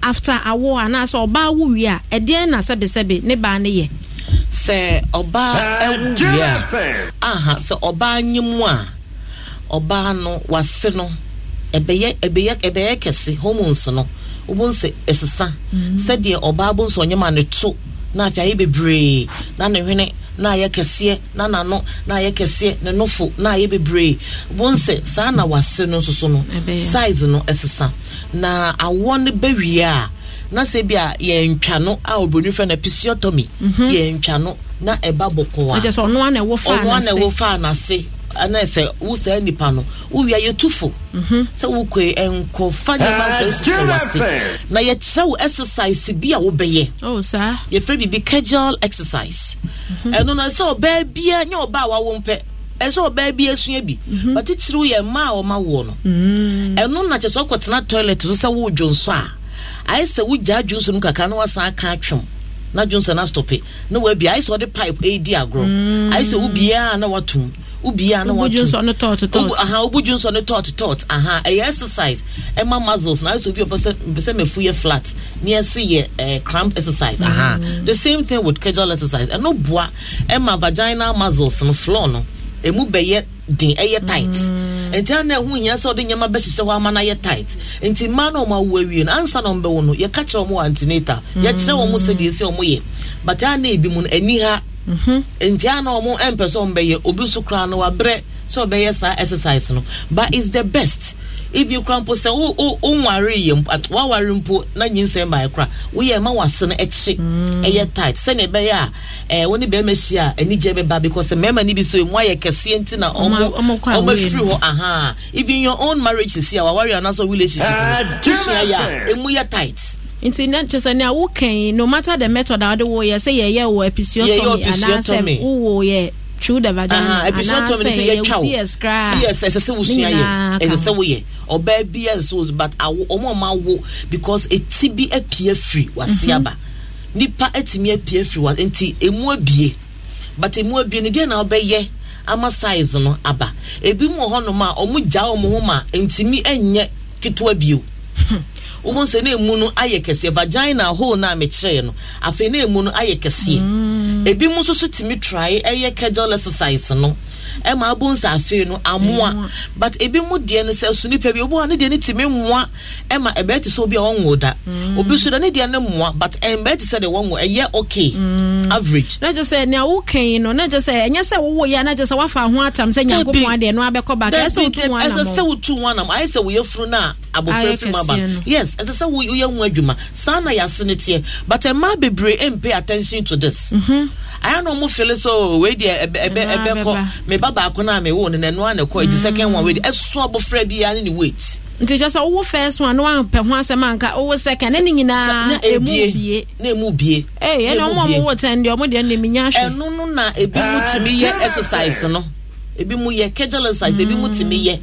after awo anaasɛ ɔbaa wo wie a ɛdeɛn na sɛbesɛbe ne baa ne yɛ sɛ ɔbaa ɛwo wie aha sɛ ɔbaa nye mu a ɔbaa no wase no ɛbɛyɛ ɛbɛyɛ ɛbɛyɛ kɛse hormones no wɔn sɛ ɛsesa mm-hmm. sɛdeɛ ɔbaa bo nso ɔnyɛ ma ne to na afei ayɛ bebree na ne hwene na ayɛ kɛseɛ na n'ano na ayɛ kɛseɛ ne nofo na ayɛ bebree wɔn sɛ saa na wase no nsoso no size no ɛsesa na awoɔ no bɛwie a na sɛ bi a yɛntwa no a obroni fɛ no episiotomy mhm. yɛntwa no na ɛba bɔkɔɔ a ɔno a na ɛwɔ faa n'ase ana sɛ wo nipa no wowia yɛtufo mhm. sɛ wokɔe nkɔfa nneɛma ah, nkrɛhyɛ wase na yɛkyerɛ wo exercise bi a wobɛyɛ oh, yɛfrɛ biribi casual exercise mhm. ɛno no sɛ ɔbaa biaa nyɛ ɔbaa wawo mpɛ ɛsɛ ɔbaa bi asua mhm. bi but titiriw yɛ mmaa a ɔma woɔ no mm. ɛno na kyɛ sɛ ɔkɔtena toilet so sɛ woredwo nso a ayɛ sɛ wogyaa dwo no kakra na wasan aka atwom na dwo no astɔpe na waabia ayɛ sɛ ɔde pipe ɛredi agorɔ mm. ayɛ sɛ wobiaa na watom wobia na wobodwu nso no tort tort aha ɛyɛ exercise ɛma muscles na ayɛsɛ obi ɔpɛ sɛ mafu yɛ flat ne ɛse yɛ eh, cramp exercise aha mm. the same thing with casual exercise ɛno boa ɛma vaginal muscles no floor no ɛmu bɛyɛ den ɛyɛ tight mm. nti ana ɛho hia sɛ ɔde nneɛma bɛhyehyɛ hɔ ama no ayɛ tight nti mmaa no ɔmo awo awie no ansa na ɔmbɛwo no yɛka kyerɛ ɔmo wɔ antinata mm. yɛkyerɛ wɔn mo sɛdeɛ ɛsɛ ɔmo yɛ but ana ebi mu no ani Mm-hmm. nti a na ɔmo mpɛ sɛ ɔmo obi nso kura no wabrɛ sɛ ɔbɛyɛ saa exercise no but it's the best if you kura mpo sɛ wo wo wo nware yɛ mpo at waware mpo na nyinsɛn baa kura woyɛ ma wase no akyi mm. ɛyɛ tight sɛnea a ɛɛ wɔn ne bɛrima anigye bɛba because bi so emu ayɛ kɛseɛ nti na ɔmo ɔmo hɔ your own marriage sisi a waware relationship no ah, yɛ a emu yɛ nti ne kyerɛ sɛ nea wokan no matter the method a wode woyɛ sɛ yɛyɛ wɔ episiotomy anaasɛ wowɔ yɛ through the vagina anaasɛ yɛ cs koraa cs ɛsɛ sɛ wosua yɛ ɛsɛ sɛ woyɛ ɔbaa bi ɛsɛ sɛ but awo ɔmo ɔmo awo because eti bi apue firi wasi aba mhm. nipa etimi apue firi wa nti emu abie but emu abie ne deɛ na ɔbɛyɛ ama size no aba ebi mu wɔ hɔnom a ɔmo gya ɔmo ho ma wɔn nsa na emu no ayɛ kɛseɛ vagina hole na mekyerɛ no afei na emu no ayɛ kɛseɛ mm. ebi mu nso so tumi try ɛyɛ kegel exercise no. ɛma eh, abo nsaafee no amoa mm. but ebi mu deɛ no sɛ so nipa obi wa ne deɛ ne tìmi moa ɛma ɛbɛɛ ti eh, sɛ obi a wɔnwo da mm. obi so da ne deɛ ne moa but eh, ɛmbɛɛ ti sɛ de wɔnwo ɛyɛ okay mm. average. na jɛ sɛ nea o kɛn no na jɛ sɛ ɛnyɛ sɛ wowo yɛ na jɛ sɛ wafa ho atam sɛ nyanko pɔn adeɛ no abɛkɔ baaka ɛsɛ o tu wɔn ɛsɛ sɛ o tu wɔn ayɛ sɛ o yɛ na abofra fi mu aba yes ɛsɛ sɛ o yɛ adwuma saa na yɛase ne teɛ but mmaa bebree mpay attention to this. ayɛ mhm. na so wei deɛ ɛbɛ ɛbɛ ɛbɛ aba baako no a mewoo no nɛno a ne kɔ agye second one wɛdi ɛso abɔfra biara ne ne weight nti kyɛ sɛ wowɔ first one na wampɛ ho asɛm anka wowɔ second ne ne nyinaa ɛmu bie na ɛmu bie ɛyɛ deɛ ɔmo deɛ menya hwɛ ɛno no na ebi mu tumi yɛ ah. exercise no ebi mu yɛ kegel exercise ebi mu tumi yɛ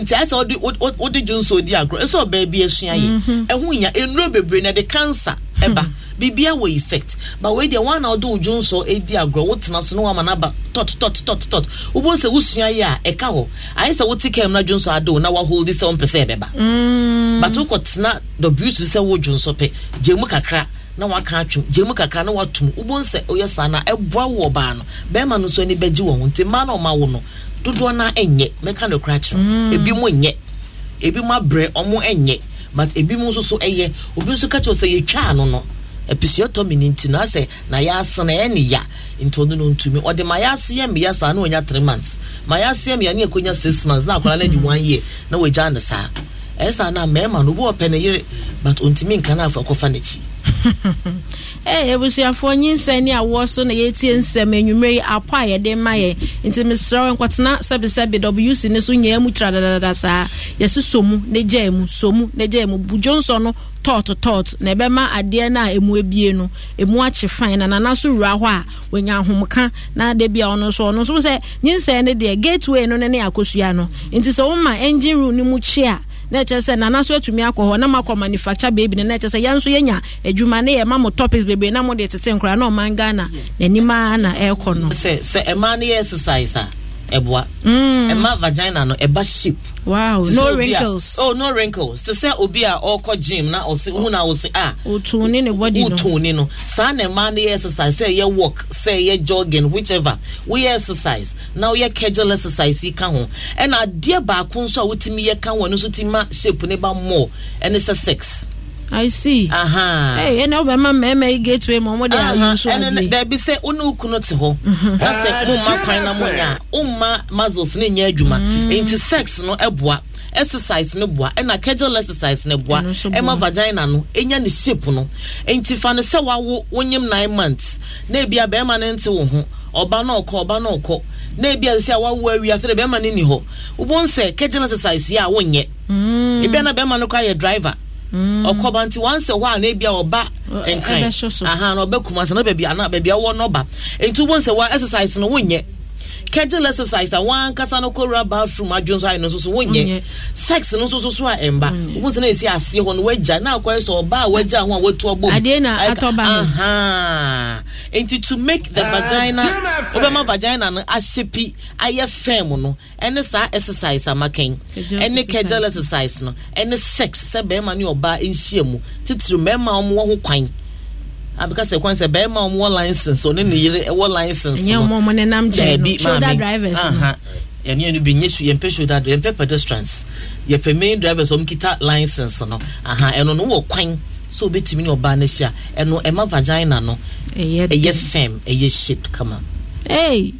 nti ayɛ sɛ wode wode dwo nso di agorɔ ɛsɛ ɔbaa bi asua yɛ mhm. ɛho nya nnuro bebree na de cancer ɛba mhm. biribiara wɔ effect but wei deɛ wɔn a wɔde odwo nso edi agorɔ wotena so na wɔama n'aba tɔt tɔt tɔt tɔt wobɔ sɛ wosua yɛ a ɛka hɔ ayɛ sɛ wote kɛm na dwo nso adew na wahold mm. sɛ wɔn pɛ sɛ ɛbɛba but wokɔ tena wsu sɛ wodwo nso pɛ gye mu kakra na waka atwom gye mu kakra na watum wobɔ sɛ oyɛ saa na ɛboa wo wɔ baa no bɛrima no nso ani bɛgye wɔn ho nti mmaa na ɔma wo no dodoɔ no ɛnyɛ mɛka no kora kyerɛ mm. ebi mu nyɛ ebi mu abrɛ ɔmo ɛnyɛ but ebi mu nso so ɛyɛ obi nso ka kyerɛ sɛ yɛtwa ano no episiotomy ne nti na sɛ na yɛase na ɛne ya nti no ntumi ɔde ma yɛase yɛ mmea saa na ɔnya three months ma yɛase yɛ mmea ne yɛkɔnya six months na akwadaa no adi one year na wɔagya ne saa ɛsa na mɛma no obi wɔpɛ ne yere but ontumi nka no akɔfa n'akyi ɛyɛ abusuafoɔ nyinsɛn ne awoɔ so na yɛtie nsɛm anwummerɛ yi apɔ a yɛde ma yɛ nti mesrɛ wo nkɔtena sɛbesɛbe wc ne so nyɛa mu kyira dadadada saa yɛse so mu ne gyaa e mu so mu ne gyaa e mu budwo no tɔɔto tɔɔto na ɛbɛma adeɛ no a ɛmu abie no ɛmu akye fan na nana so wura hɔ a wɔnya ahomka na da bi a ɔno nso ɔno nso sɛ nyinsɛn no deɛ gateway no ne ne akosua no nti sɛ woma engine room no mu kye a na ɛkyɛ sɛ nana so atumi akɔ hɔ na makɔ manufacture baabi no na ɛkyɛ sɛ yɛn nso yɛnya adwuma ne yɛma mo topics bebree na mode tete nkora na ɔman ghana n'anim a na ɛrekɔ no sɛ sɛ ɛma no yɛ exercise a ɛboa ɛma mm. vagina no ɛba shape wow no wrinkles a, oh no wrinkles te sɛ obi a ɔkɔ gym na ɔsi hu na ɔsi a ah, otoni ne body no otoni no saa na ɛma no yɛ exercise sɛ yɛ walk sɛ yɛ jogging whichever woyɛ exercise na woyɛ kegel exercise yi ka ho ɛna adeɛ baako nso a wotumi yɛ ka ho ɛno nso ti ma shape ne ba more ɛne sɛ sex. i see ɛnɛ wobɛma mmarima yi gateway ma ɔmode ayɛnsoadeɛ daabi sɛ wo ne wo kunu te hɔ na sɛ womma kwan na monya a ma muscles ne nyɛ adwuma mm. Nti sex no exercise no boa ɛna kegel exercise no boa ɛma vagina no ɛnya ne shape no nti fa no sɛ wawo wonyim nine months na ebi a bɛrima no nte wo ho ɔba no ɔkɔ ɔba no ɔkɔ na ebi a sɛ wawo awi afei bɛrima no ni hɔ wobɔ nsɛ kegel exercise yɛ a wonyɛ mm. ebi a na bɛrima no kɔ driver ɔkɔba mm. nti wansɛ hɔ a na ebi a ɔba nkran ahan na ɔbɛ kumasa na baabi ana baabi awɔ na ɔba nti wɔn nsɛ hɔ a exercise no wɔnyɛ kegel exercise a wankasa no kɔwura bathroom adwo nso ayɛ no nso so wonyɛ sex no soso so so a ɛmba wobɛsi na ɛsi aseɛ hɔ no woagya na akɔyɛ sɛ ɔba a woagya ho a watu abɔ adeɛ na atɔ ba aha nti to make the ah, vagina wobɛma vagina no ahyɛ pi ayɛ fɛm no ɛne saa exercise amakɛn ɛne kegel exercise no ɛne sex sɛ bɛrima ne ɔbaa nhyia mu titiri mmarima a wɔn ho kwan Because kwan sɛ bɛrima a wɔwɔ license ɔne ne yere ɛwɔ license no ɛnyɛ wɔn nenam gyɛn no shoulder drivers no yɛne no bi nyɛ su yɛmpɛ shoulder yɛmpɛ pedestrians yɛpɛ main drivers wɔn kita license no aha ɛno no wɔ kwan so obetumi ne ɔbaa no hyia ɛno ɛma vagina no ɛyɛ fɛm ɛyɛ shaped kama. Hey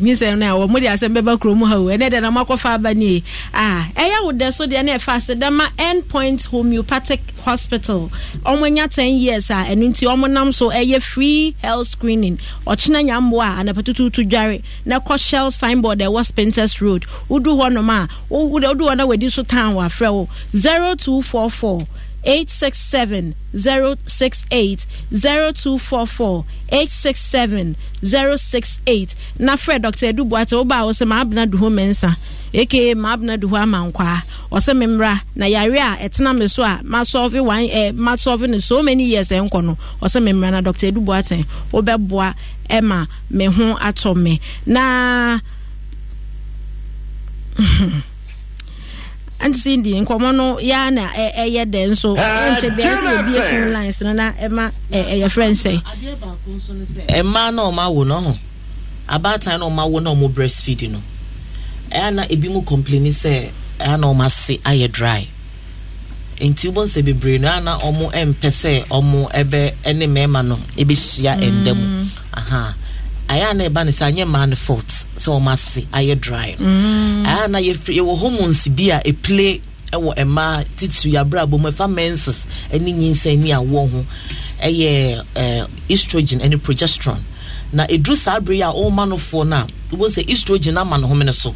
nyinsɛn no a wɔn mo de asɛm bɛba kurom ha o ɛnɛ dɛ na mo akɔfa aba nie ah, a ɛyɛ wo so deɛ na ɛfa ase dama end point homeopathic hospital wɔn anya ten years a ah, ɛno nti wɔn nam so ɛyɛ eh, free health screening ɔkyena nyamboa a ah, anapɛtututu dware na kɔ shell signboard ɛwɔ eh, spinters road wodu hɔ nom a wodu hɔ na wɔdi so tan wɔ afrɛ wo zero two four four. 867 068 0244 867 068 na fred dr edu buate ụba a wụsị ma abụna duho mensa aka ma abụna duho ama nkwa ọsị m na yare a ɛtena me so a masɔve wan ɛ eh, masɔve no so many years ɛnkɔ no ɔsɛ me na dr edu buate ụbɛboa ɛma me ho atɔ me na. si ndi nkɔmɔ no ya na ɛyɛ dɛ nso nkyɛ bia sɛ yɛbie phone lines no na ɛma ɛyɛ frɛ nsɛn Mmaa na ɔma wo no ho abaatan na ɔma wo na ɔmo breastfeed no ɛyɛ na ebi mu complain sɛ ɛyɛ na ɔmo ase ayɛ dry nti wobɔ nsɛ bebree no ɛyɛ na ɔmo ɛmpɛ sɛ ɔmo ɛbɛ ɛne mɛɛma no ɛbɛhyia ɛnda mu mm. ɛyɛ na ɛba no sɛ anyɛ man fault sɛ ɔma ase ayɛ dry no mm. ɛyɛ na yɛwɔ hormones bi a ɛpile ɛwɔ e ɛma e titiri abrabɔ mu ɛfa e menses ɛne nyinsa ne awoɔ ho ɛyɛ estrogen ɛne progesterone na ɛduru saa bere a ɔma nofoɔ no a wobɛhu sɛ estrogen ama ne home no so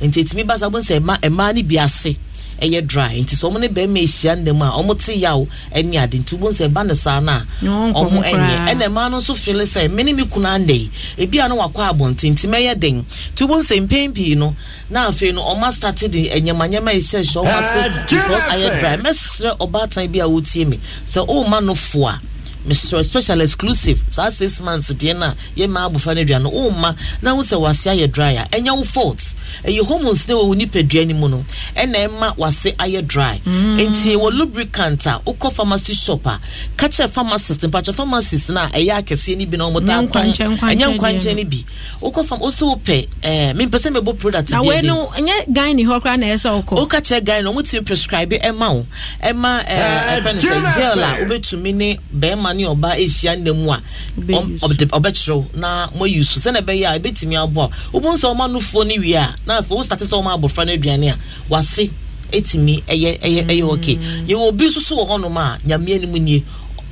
nti ɛtumi ba sa wobɛhu sɛ ɛma ɛma bi ase ɛyɛ dry nti sɛ ɔmo ne bɛrima ehyia nnam a ɔmo te yaw ɛne ade nti wɔn sɛ ɛba ne saa na ɔmo ɛnyɛ ɛna mmaa no nso fili sɛ mene mi kunu anda yi ebi a no wakɔ abɔnten nti mɛyɛ den nti wɔn sɛ mpɛn pii no na afei no ɔmo asate de ɛnyɛmanyɛma ehyɛ hyɛ ɔmo ase ah, because ɛyɛ dry mɛsrɛ ɔbaatan bi a wotie mi sɛ ɔmo ma no foa Mr. special exclusive saa six months deɛ no a yɛma abɔfra no aduane womma na wo sɛ wase ayɛ dry a ɛnyɛ wo fault ɛyɛ hormones ne wɔwɔ nipadua no mu no ɛna ɛma wase ayɛ dry enti mm. ɛwɔ lubricant a wokɔ pharmacy shop a ka kyerɛ pharmacist mpakyɛ pharmacist no a ɛyɛ akɛseɛ no bi na ɔmɔtaa ɛnyɛ nkwankyerɛ no bi wokɔ fam wosɛ wopɛ eh, mempɛ sɛ mɛbɔ product biɛnyɛ gan ne na ɛɛ sɛ wokɔ woka kyerɛ gan no ɔmotumi prescribe ɛma wo ɛma eh, eh, ɛfrɛ no sɛ gel a wobɛtumi ne bɛrima ɔbɛma ne ɔba ɛhyia nna mu a ɔbɛkyerɛw na moayi so sɛne ɛbɛyɛ a ɛbɛtumi aboa wobɛhu sɛ ɔma nofoɔ no wie a na afei wo sɛ ɔma abɔfra no aduane a wase ɛtumi ɛyɛ ɛyɛ ɛyɛ okay mm. yɛwɔ obi nso so wɔ hɔnom a nyameɛ no mu nie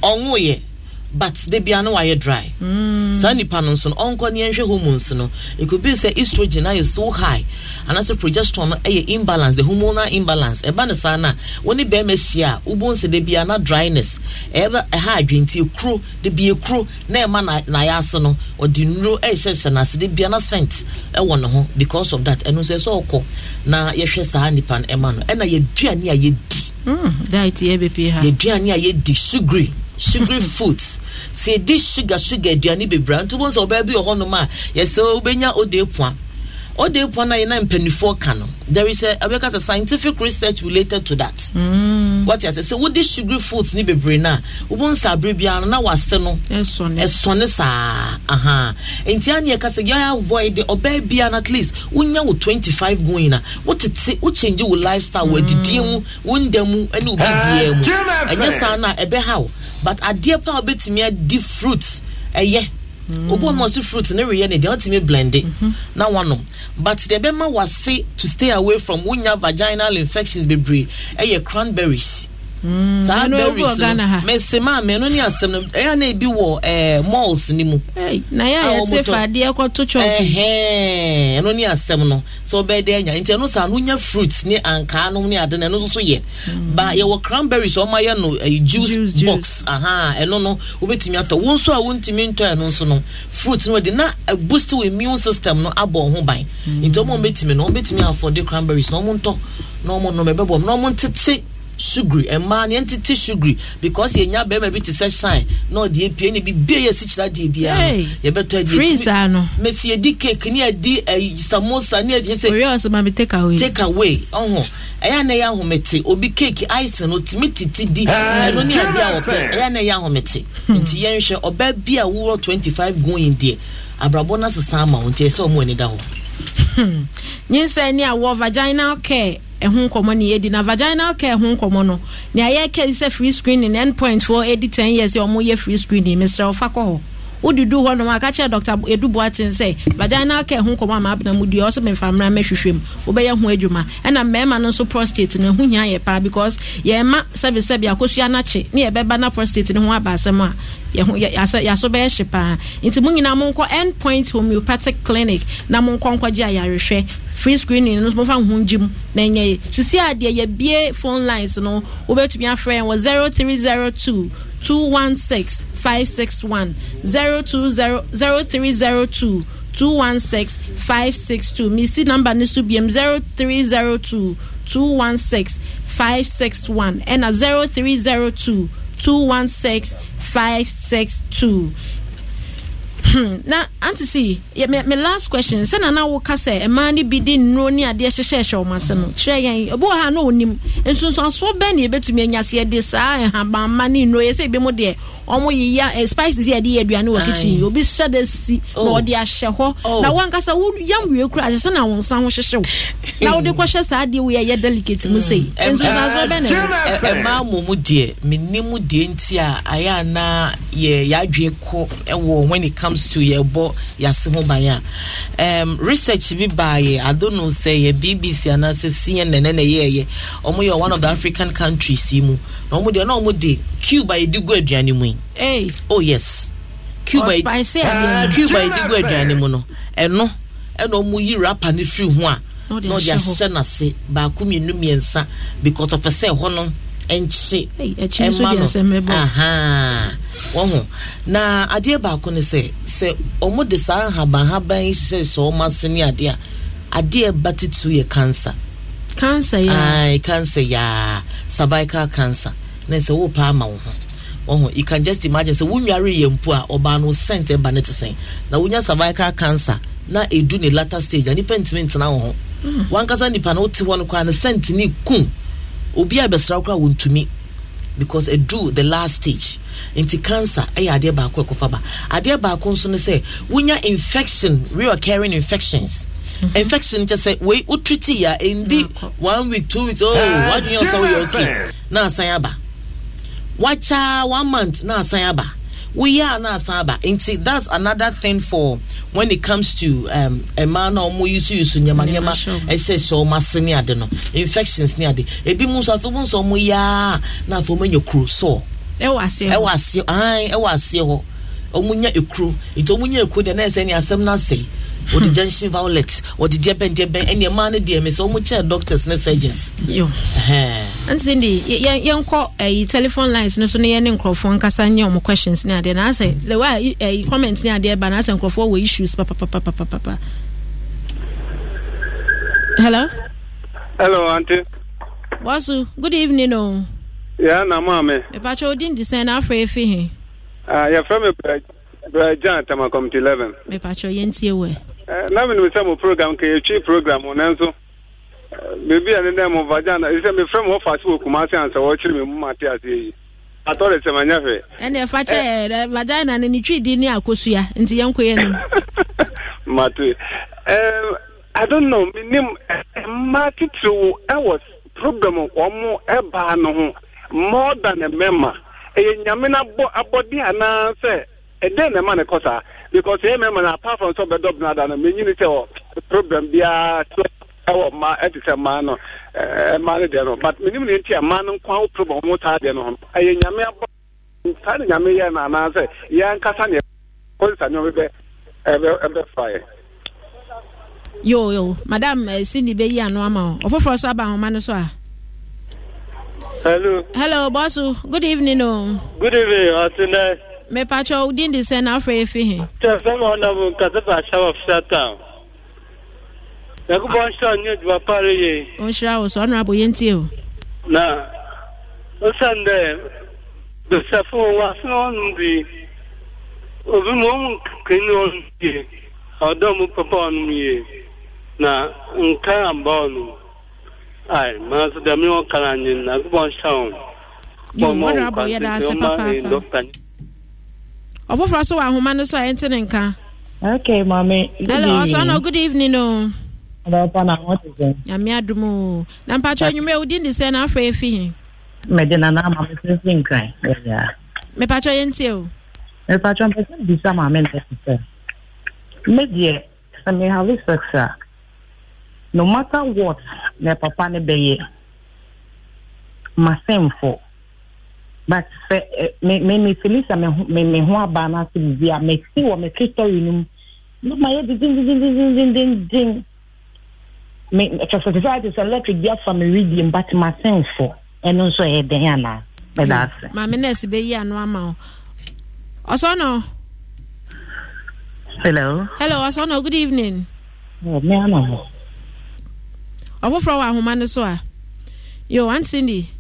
ɔnwoyɛ but de bia no wayɛ dry mm. saa nipa no nso no ɔnkɔ ne yɛnhwɛ hormones no ɛkɔbi sɛ estrogen ayɛ so high anaasɛ progesterone no ɛyɛ imbalance the hormonal imbalance ɛba ne saa no a wɔne bɛrima hyia a wobɛhu sɛ de bia na dryness ɛba ɛha adwenti ekuro de bia ekuro na ɛma na n'ayɛ ase no ɔde nnuro ɛhyɛhyɛ n'ase de bia na scent ɛwɔ ne ho because of that ɛno nso ɛsɛ ɔkɔ na yɛhwɛ saa nipa no ɛma no ɛna yɛ aduane a yɛdi. Mm, diet yɛ bɛ pii ha. yɛ aduane a yɛdi sugary sugary foods sɛ yɛdi sugar sugar aduane bebree nti wɔn sɛ ɔbaa bi wɔ hɔnom a yɛsɛ wobɛnya ode poa ode poa no a yɛna mpanimfoɔ ka no there is a abɛka sɛ scientific research related to that mm. wɔte asɛ sɛ wodi sugary foods ne bebree no a wobɛhu sɛ abere biara na wase no ɛsɔne saa aha nti aneɛ ka sɛ yɛa avoid ɔbaa biara no at least wonya wo five going a wotete wochange wo lifestyle wadidie mu wo nda mu ne wo bibiaa mu ɛnyɛ saa no a ɛbɛhaw but adeɛ pa a wobɛtumi adi fruit ɛyɛ mm. obi ɔmo ɔsi fruit ne reyɛ ne deɛ ɔtumi blendi mhm. na wanom but deɛ bɛma wase to stay away from wonya vaginal infections bebree ɛyɛ cranberries. Mm, saa berries no mese maa mmienu ne asɛm no ɛyɛ na ebi wɔ ɛɛ eh, malls ni mu. na yɛ a ah, yɛte fadeɛ kɔto chɔnku. ɛhɛn ɛno ne asɛm no sɛ ɔbɛɛ de anya nti ɛno saa no nya fruit ne ankaa nom ni adi na ɛno nso yɛ mm. ba yɛwɔ cranberries ɔma yɛ no ɛyɛ eh, juice box aha ɛno no wobɛtumi atɔ wɔn nso a wɔntumi ntɔ ɛno nso no fruit no di na eh, boost wɔ immune system no abɔ ɔho ban nti ɔmo wɔn mm. bɛtumi no wɔn bɛtumi afɔ cranberries na ɔmo ntɔ na ɔmo nom ɛbɛbɔ sugri mmaa ne ntete sugri because yɛnya bɛrima bi te sɛ shine na ɔde epie ne bi bie yɛ sikyira deɛ biara yɛbɛtɔ ɛdeɛ free saa no mesi yɛdi cake ne yɛdi samosa ne yɛdi sɛ oyɛ ɔsɛ maame take away take away ɔho ɛyɛ na ɛyɛ ahomete obi cake ice no timi titi di ɛno ne adeɛ a wɔpɛ ɛyɛ na ahomete nti yɛnhwɛ ɔbaa bi a wowɔ twenty five going there. abrabɔ no sesa ama wo nti ɛsɛ ɔmo ani da hɔ. nyinsɛn ni awɔ vaginal care ɛho nkɔmɔ ne yɛdi na vaginal care ho nkɔmɔ no nea yɛka sɛ free screening end point foɔ ɛdi ten years yɛ ɔmo yɛ free screening mesrɛ ɔfa kɔ hɔ wodudu hɔ nom aka kyerɛ dr edu boaten sɛ vaginal care ho nkɔmɔ ama abena mu dua ɔsɛ mmefa mmra mɛhwehwɛ mu wobɛyɛ ho adwuma ɛna mmarima no nso prostate no ho hia yɛ paa because yɛma sɛbesɛbe akosua n'akye ne yɛbɛba na prostate no ho aba asɛm a yɛaso bɛyɛ hye paa nti mo nyinaa monkɔ end point homeopathic clinic na monkɔ nkɔgye ayarehwɛ free screening no mofa ho ngyim na ɛnyɛ yi sisi a deɛ yɛbie phone lines no wobɛtumi afrɛ yɛn wɔ 0302 216 561 0302 216 562 number ne to be 0302 216 561 a 0302 216 562 Hmm, na ante si me last question sɛ nana woka sɛ ɛmaa no bi de nnuro ne adeɛ ha na nsonsansoɔ bɛn yɛbɛtumi anya seɛ de saa ne nnuro yɛ sɛ ebi deɛ eh, spices yɛ de yɛ aduane wɔ kitchen obi hyɛ si na oh. ɔde ahyɛ hɔ oh. na yam wie kura ahyɛ na mm. wɔn comes to yɛbɔ yɛase ho ban a um, research I don't know say yɛ bbc and I say cnn and na yɛɛyɛ ɔmo yɛ one of the african countries Simu. No, na ɔmo No, na ɔmo de cuba yɛde gu aduane mu yi hey. oh yes cuba I say. cuba yɛde gu aduane mu no ɛno ɛna ɔmo yi rapa ne firi ho a na ɔde ahyɛ n'ase baako mmienu mmiɛnsa because ɔpɛ sɛ ɛhɔ no ɛnkye ɛma e, no wɔho na adeɛ baako ne sɛ sɛ wɔn de saa ahabanhaban yi hyehyɛ wɔn ase ne adeɛ a adeɛ ba titiri yɛ cancer cancer yaa ayi cancer yaa cervical cancer na sɛ wɔn pa ama wɔn ho wɔho you can just imagine sɛ wɔn nyare yɛ mpo a ɔbaa no sent ɛba ne ti sɛn na wɔn nya cervical cancer na edu ne latter stage a nipa ntumi ntena wɔn ho hmm. wɔn ankasa nipa na wɔte hɔ no sent ne kum obi a bɛsra koraa wɔntumi because ɛduru the last stage into cancer ɛyɛ adeɛ baako ɛkɔfa ba adeɛ baako nso no sɛ wonya infection reoccurring infections mhm. infection kyɛ sɛ wei wotriti a ɛndi one week two weeks oh ah, wadwene ɔsɛ woyɛ okay na sayaba. aba wakyaa one month na sayaba. we are na asaba See, that's another thing for when it comes to um ɛmaa na ɔmo yusu yusu nyama nyama ɛhyɛ hyɛ ɔmo ase ne ade no infections ne ade ebi mu nso afei mu nso ɔmo yaa na afei ɔmo anya kuro sɔɔ ɛwɔ aseɛ ɛwɔ aseɛ ɛwɔ aseɛ hɔ ɔmo nya ekuro nti ɔmo nya ekuro deɛ na ɛsɛ ne asɛm na asɛe. wɔde junction violet wɔde deɛ bɛn deɛ bɛn ɛnna mmaa no deɛ mɛsɛ wɔn kyɛn doctors ne surgeons. yo nse de yɛn yɛn kɔ ɛyi telephone lines no so ne yɛn ne nkurɔfoɔ nkasa nye wɔn questions ne adeɛ na asɛ hmm. lewa ɛyi eh, comment ne adeɛ ba na nkurɔfoɔ wɔ issues papapapapapa. hello. hello aunty. wɔso good evening o. Oh. yɛn na maame. ìpàtɛ e odin disɛn n'afɔ efi hin. Ah, yɛfrɛ mi brɛ brɛ jan tamakɔmti eleven. ìpàtɛ yɛn tie wɛ. Eh, na mene sɛ mo program ka yɛtwi program nanso eh, biribi a ne dɛ mo vagana sɛ mefrɛ me wɔfa ase wɔ kumase ansa wɔkyere me mumate ase yi atɔre sɛ manyɛ hwɛ ɛne ɛfa kyɛ eh, vagina no ne twidi ne akɔsua nti yɛnkɔyɛ no mate I don't know menim mmaa titiriw ɛwɔ program wɔn ɛbaa no ho more than a member ɛyɛ nyame no abɔ anaa anaasɛ ɛdɛn na ɛma ne kɔ saa because ẹ mẹ́mọ̀ na apart from sọ bẹ́ẹ̀ dọ́bù náà dànù mí nyini sẹ ọ problem biara tí ẹ oh, wọ mma ẹ eh, ti sẹ eh, mmaa nọ ẹ eh, mmaa ni dẹ nọ but mí ni mu ni ti ẹ mmaa ni problem ọmọ taa dẹ nọ ẹ yẹ nyame abọ saa ni nyame yẹ na anan sẹ yẹ ankasa ni ẹ kọ nsa ni ọmọ bẹ ẹ bẹ ẹ madam ẹ cindy bẹ yi àná ama ọ ọfọfọrọ sọ abà àwọn ọmọ ni a. Ah. hello. hello bossu oh, good evening o. Oh. good evening ọ̀sìn náà. mepatwa wo din ma ọ na afrɛ nkata he sɛma ɔnabo nkasa fa ahyɛ wɔfsa town nyankopɔn hyɛ ɔnyɛ adwuma pare ụsọ ọnụ abụghị so ɔnorabɔ o na osiane dɛ dosafo wɔ asena ɔnom bi obi ma ɔmu kani ɔnom papa na ai nye Yo, papa? ɔfoforɔ so wɔ ahoma no so a ɛnte ne nka okay maame hello ɔsɔ no good evening no nyame adom o na mpatwɛ ah. nwummerɛ wodin de sɛ na afrɛ ɛfi he mede nana ama mesɛsi nkran mepatwɛ yɛntie o mepatwɛ mpɛsɛ bisa maame nɛ sɛ me deɛ sɛ mehave sex a no matter what na papa ne bɛyɛ masemfo but sɛ ɛ me me me filisa me ho me me ho aba n'ase bibi a me si wɔ me ti story no mu no ma yɛ dindindindindindindin me kyerɛ sɛ sɛ sɛ electric bi afa me redium but ma sen fo ɛno nso yɛ den ana me da ase. maame nurse bɛ yi ano ama o ɔsɔnɔ. hello. hello ɔsɔnɔ good evening. ɔ me ama o. ɔfoforɔ wɔ ahoma no so a yo one cindy.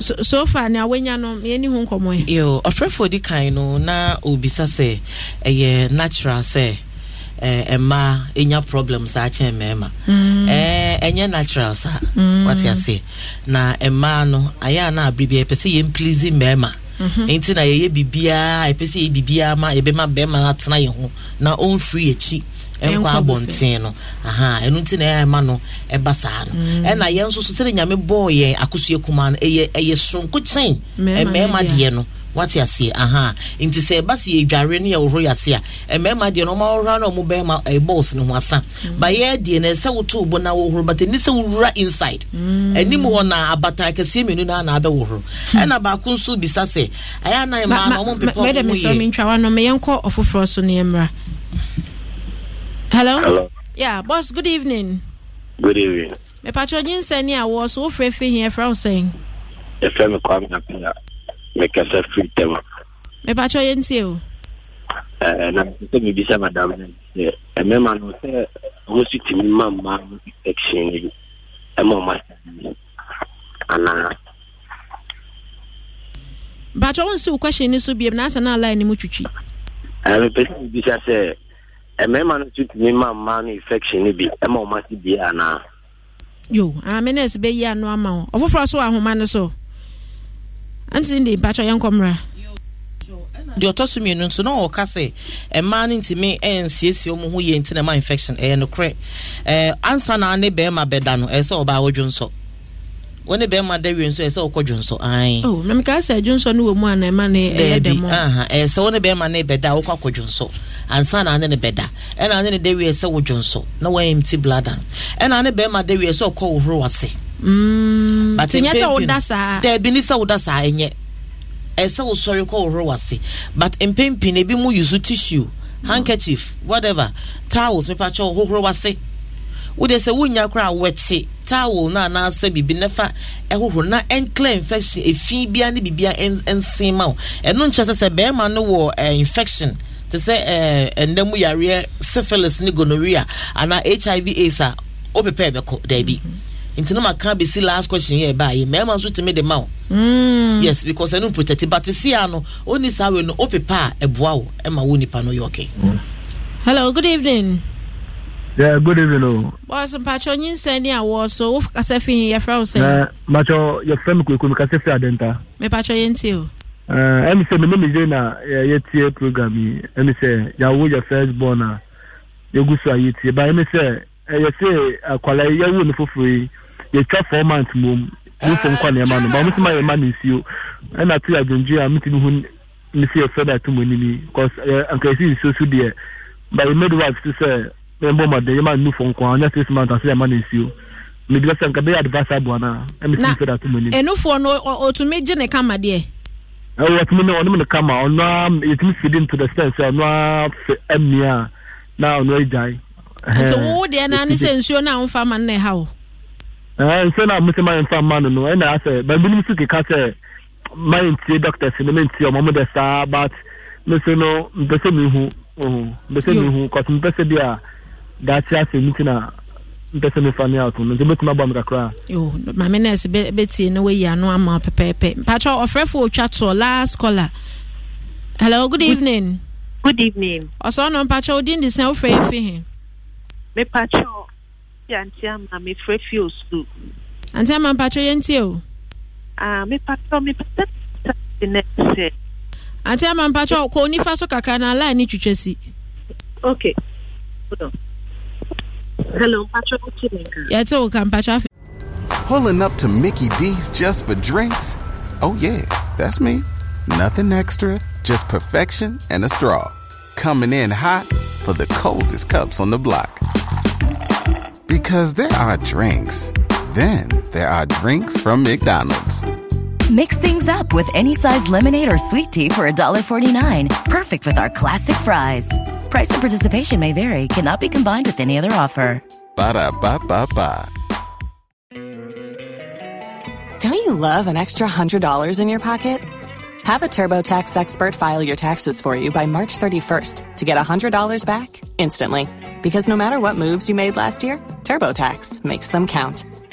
sofa na awanya no yɛni nkọmọ ya. yo ɔfrɛfoɔ di kan na obisa sɛ ɛyɛ natural sɛ ɛma e, ɛnya problem a kyɛn mmarima ɛnyɛ natural saa wate say na ɛmaa no ayɛ na abere bi ɛpɛ sɛ yɛn please mmarima nti na yɛyɛ biribiara ɛpɛ e sɛ yɛ biribiara ma yɛbɛma e atena ho na ɔmfiri ɛnkɔ abɔnten no aha ɛno nti na ɛma no ɛba saa no ɛna mm. yɛn nso so sɛde nyame bɔɔ yɛn akosua kuma no ɛyɛ ɛyɛ soronko kyɛn mmarima e deɛ no wate aseɛ aha nti sɛ ɛba si yɛdware no yɛworo yɛase a e mmarima deɛ no ɔma wɔhora na ɔmo bɛrima ɛbɔls e no ho asa mm. bayɛ deɛ na sɛ inside mm. hɔ na abata mmienu hmm. ɛna baako nso bisa sɛ ɛyɛ anan na ɔmo ɔmo hello. hello. yeah boss good evening. good evening. Uh, me patrojin seni a awɔ so wofrɛ fi hin ɛfrɛ wo sɛn. ɛfrɛ mi kwame apia mekasa firi tɛma. mepatro yɛ ntie o. ɛɛ na sɛ bibisa madam sɛ ɛmɛma no sɛ ɔmo si tumi ma mmaa no ɛkyin yi ɛma ɔmo asɛ anaa. batwa wo nsi wo question ni so biem na asa na aline mu twitwi. ɛɛ mepɛ sɛ bibisa sɛ. mmarima no nso tumi ma mmaa no infection no bi ma wɔn ase die anaa. yo ame ah, nurse bɛyi ano ama wo ɔfoforɔ so ahoma no so anti de batwa yɛn nkɔmmra deɛ ɔtɔ so mmienu nso na ɔka sɛ mmaa no ntumi nsiesie wɔn ho yie nti ma infection ɛyɛ nokorɛ ɛɛ ansa na ne barima bɛda no wọn ne bɛrima da wie nso ɛsɛ ɔkɔ dwonsɔ an. o oh, na mi ka sɛ dwonsɔ ni wɔ mu ana ɛma ne ɛyɛ dɛm o. ɛsɛ wɔn ne bɛrima ne bɛda ɔkɔ akɔ dwonsɔ ansa na ane ne bɛda ɛna ane ne da wie sɛ wɔ dwonsɔ na wɔn empty bladder ɛna ane bɛrima da wie sɛ ɔkɔ wɔhoro wase. Mm, tinyɛ sɛ woda saa. dɛbi ni sɛ woda saa ɛnyɛ ɛsɛ wosɔre kɔ wɔhoro wase but mpempin ebi mu yusu tissue handkerchief whatever towels mipatsɛ ɔhohoro wase wode sɛ wonya koraa wɔte towel no anaasɛ biribi na fa ɛhohoro na ɛnclear infection ɛfi biara ne biribia nsen ma wo ɛno nkyɛ sɛ sɛ bɛrima no wɔ uh, infection te sɛ ɛnna mu yareɛ syphilis ne gonorrhea anaa hiv aids a wopepɛ bɛkɔ daabi nti no maka bɛsi last question yɛ ɛbaa yɛ mmarima nso tumi de ma wo yes because ɛno protect but sia oh, eh, eh, no ɔni saa wei no wopepa a ɛboa wo ma wo nipa no yɛ okay hello good evening Yeah, good evening. Oh. Boss, mpacho nyinsɛn ni so wo kasa fi yɛfrɛ wo sɛn. Ɛɛ mpacho yɛfrɛ mi kuruku mi kasa adenta. Mipacho yɛn o. Oh. Ɛɛ eh, ɛmi sɛ mi ni mi na eh, tie program yi ɛmi sɛ yawo yɛ first born a yɛgu so a tie ba ɛmi sɛ ɛyɛ sɛ you yi yɛwu ni foforo yi yɛtwa four months mu mu nso nkɔ nneɛma no ma oh. eh, hu ɛbɔ ma dɛ yɛma nnufo nko a ɔnyɛ six months asɛ yɛma no nsuo mebi sɛ nka bɛyɛ advisable anaa ɛmetumi sɛ dato m'anim ɛnufoɔ no ɔtumi gye ne kama deɛ ɛwɔ tumi no ɔnom ne kama ɔno a yɛtumi fidi into the sense sɛ ɔno a fɛ amia a na ɔno agyae nti wo deɛ naa ne sɛ nsuo no a womfa ma no na ɛha wo nsuo no a mosɛ ma yɛmfa ma no no ɛna asɛ baabinom so keka sɛ ma yɛntie doctors no mentie ɔma mo dɛ saa but me so no mpɛ sɛ mehu mpɛ sɛ mehu cause mpɛ sɛ bi a daakye asɛmu kina mpɛ sɛ mefa ne ato no nti bɛtumi abɔ me kakraa mame nes bɛtie na wayi ano ama pɛpɛɛpɛ mpakyɛ ɔfrɛfo ɔtwa toɔ last caller hello good evening good evening ɔsɔ no mpakyɛ wodin de sɛn wofrɛ yɛ fi he mepakyɛ yɛnte ama mefrɛ fi o sukuu ante ama mpakyɛ yɛntie o mepakyɛ mepɛ sɛ sɛ ante ama mpakyɛ kɔ onifa so kakra na line ne twitwa si okay hold on Hello, Patrick Yeah, it's Pulling up to Mickey D's just for drinks? Oh, yeah, that's me. Nothing extra, just perfection and a straw. Coming in hot for the coldest cups on the block. Because there are drinks, then there are drinks from McDonald's. Mix things up with any size lemonade or sweet tea for $1.49. Perfect with our classic fries. Price and participation may vary, cannot be combined with any other offer. Ba da ba ba ba. Don't you love an extra $100 in your pocket? Have a TurboTax expert file your taxes for you by March 31st to get $100 back instantly. Because no matter what moves you made last year, TurboTax makes them count.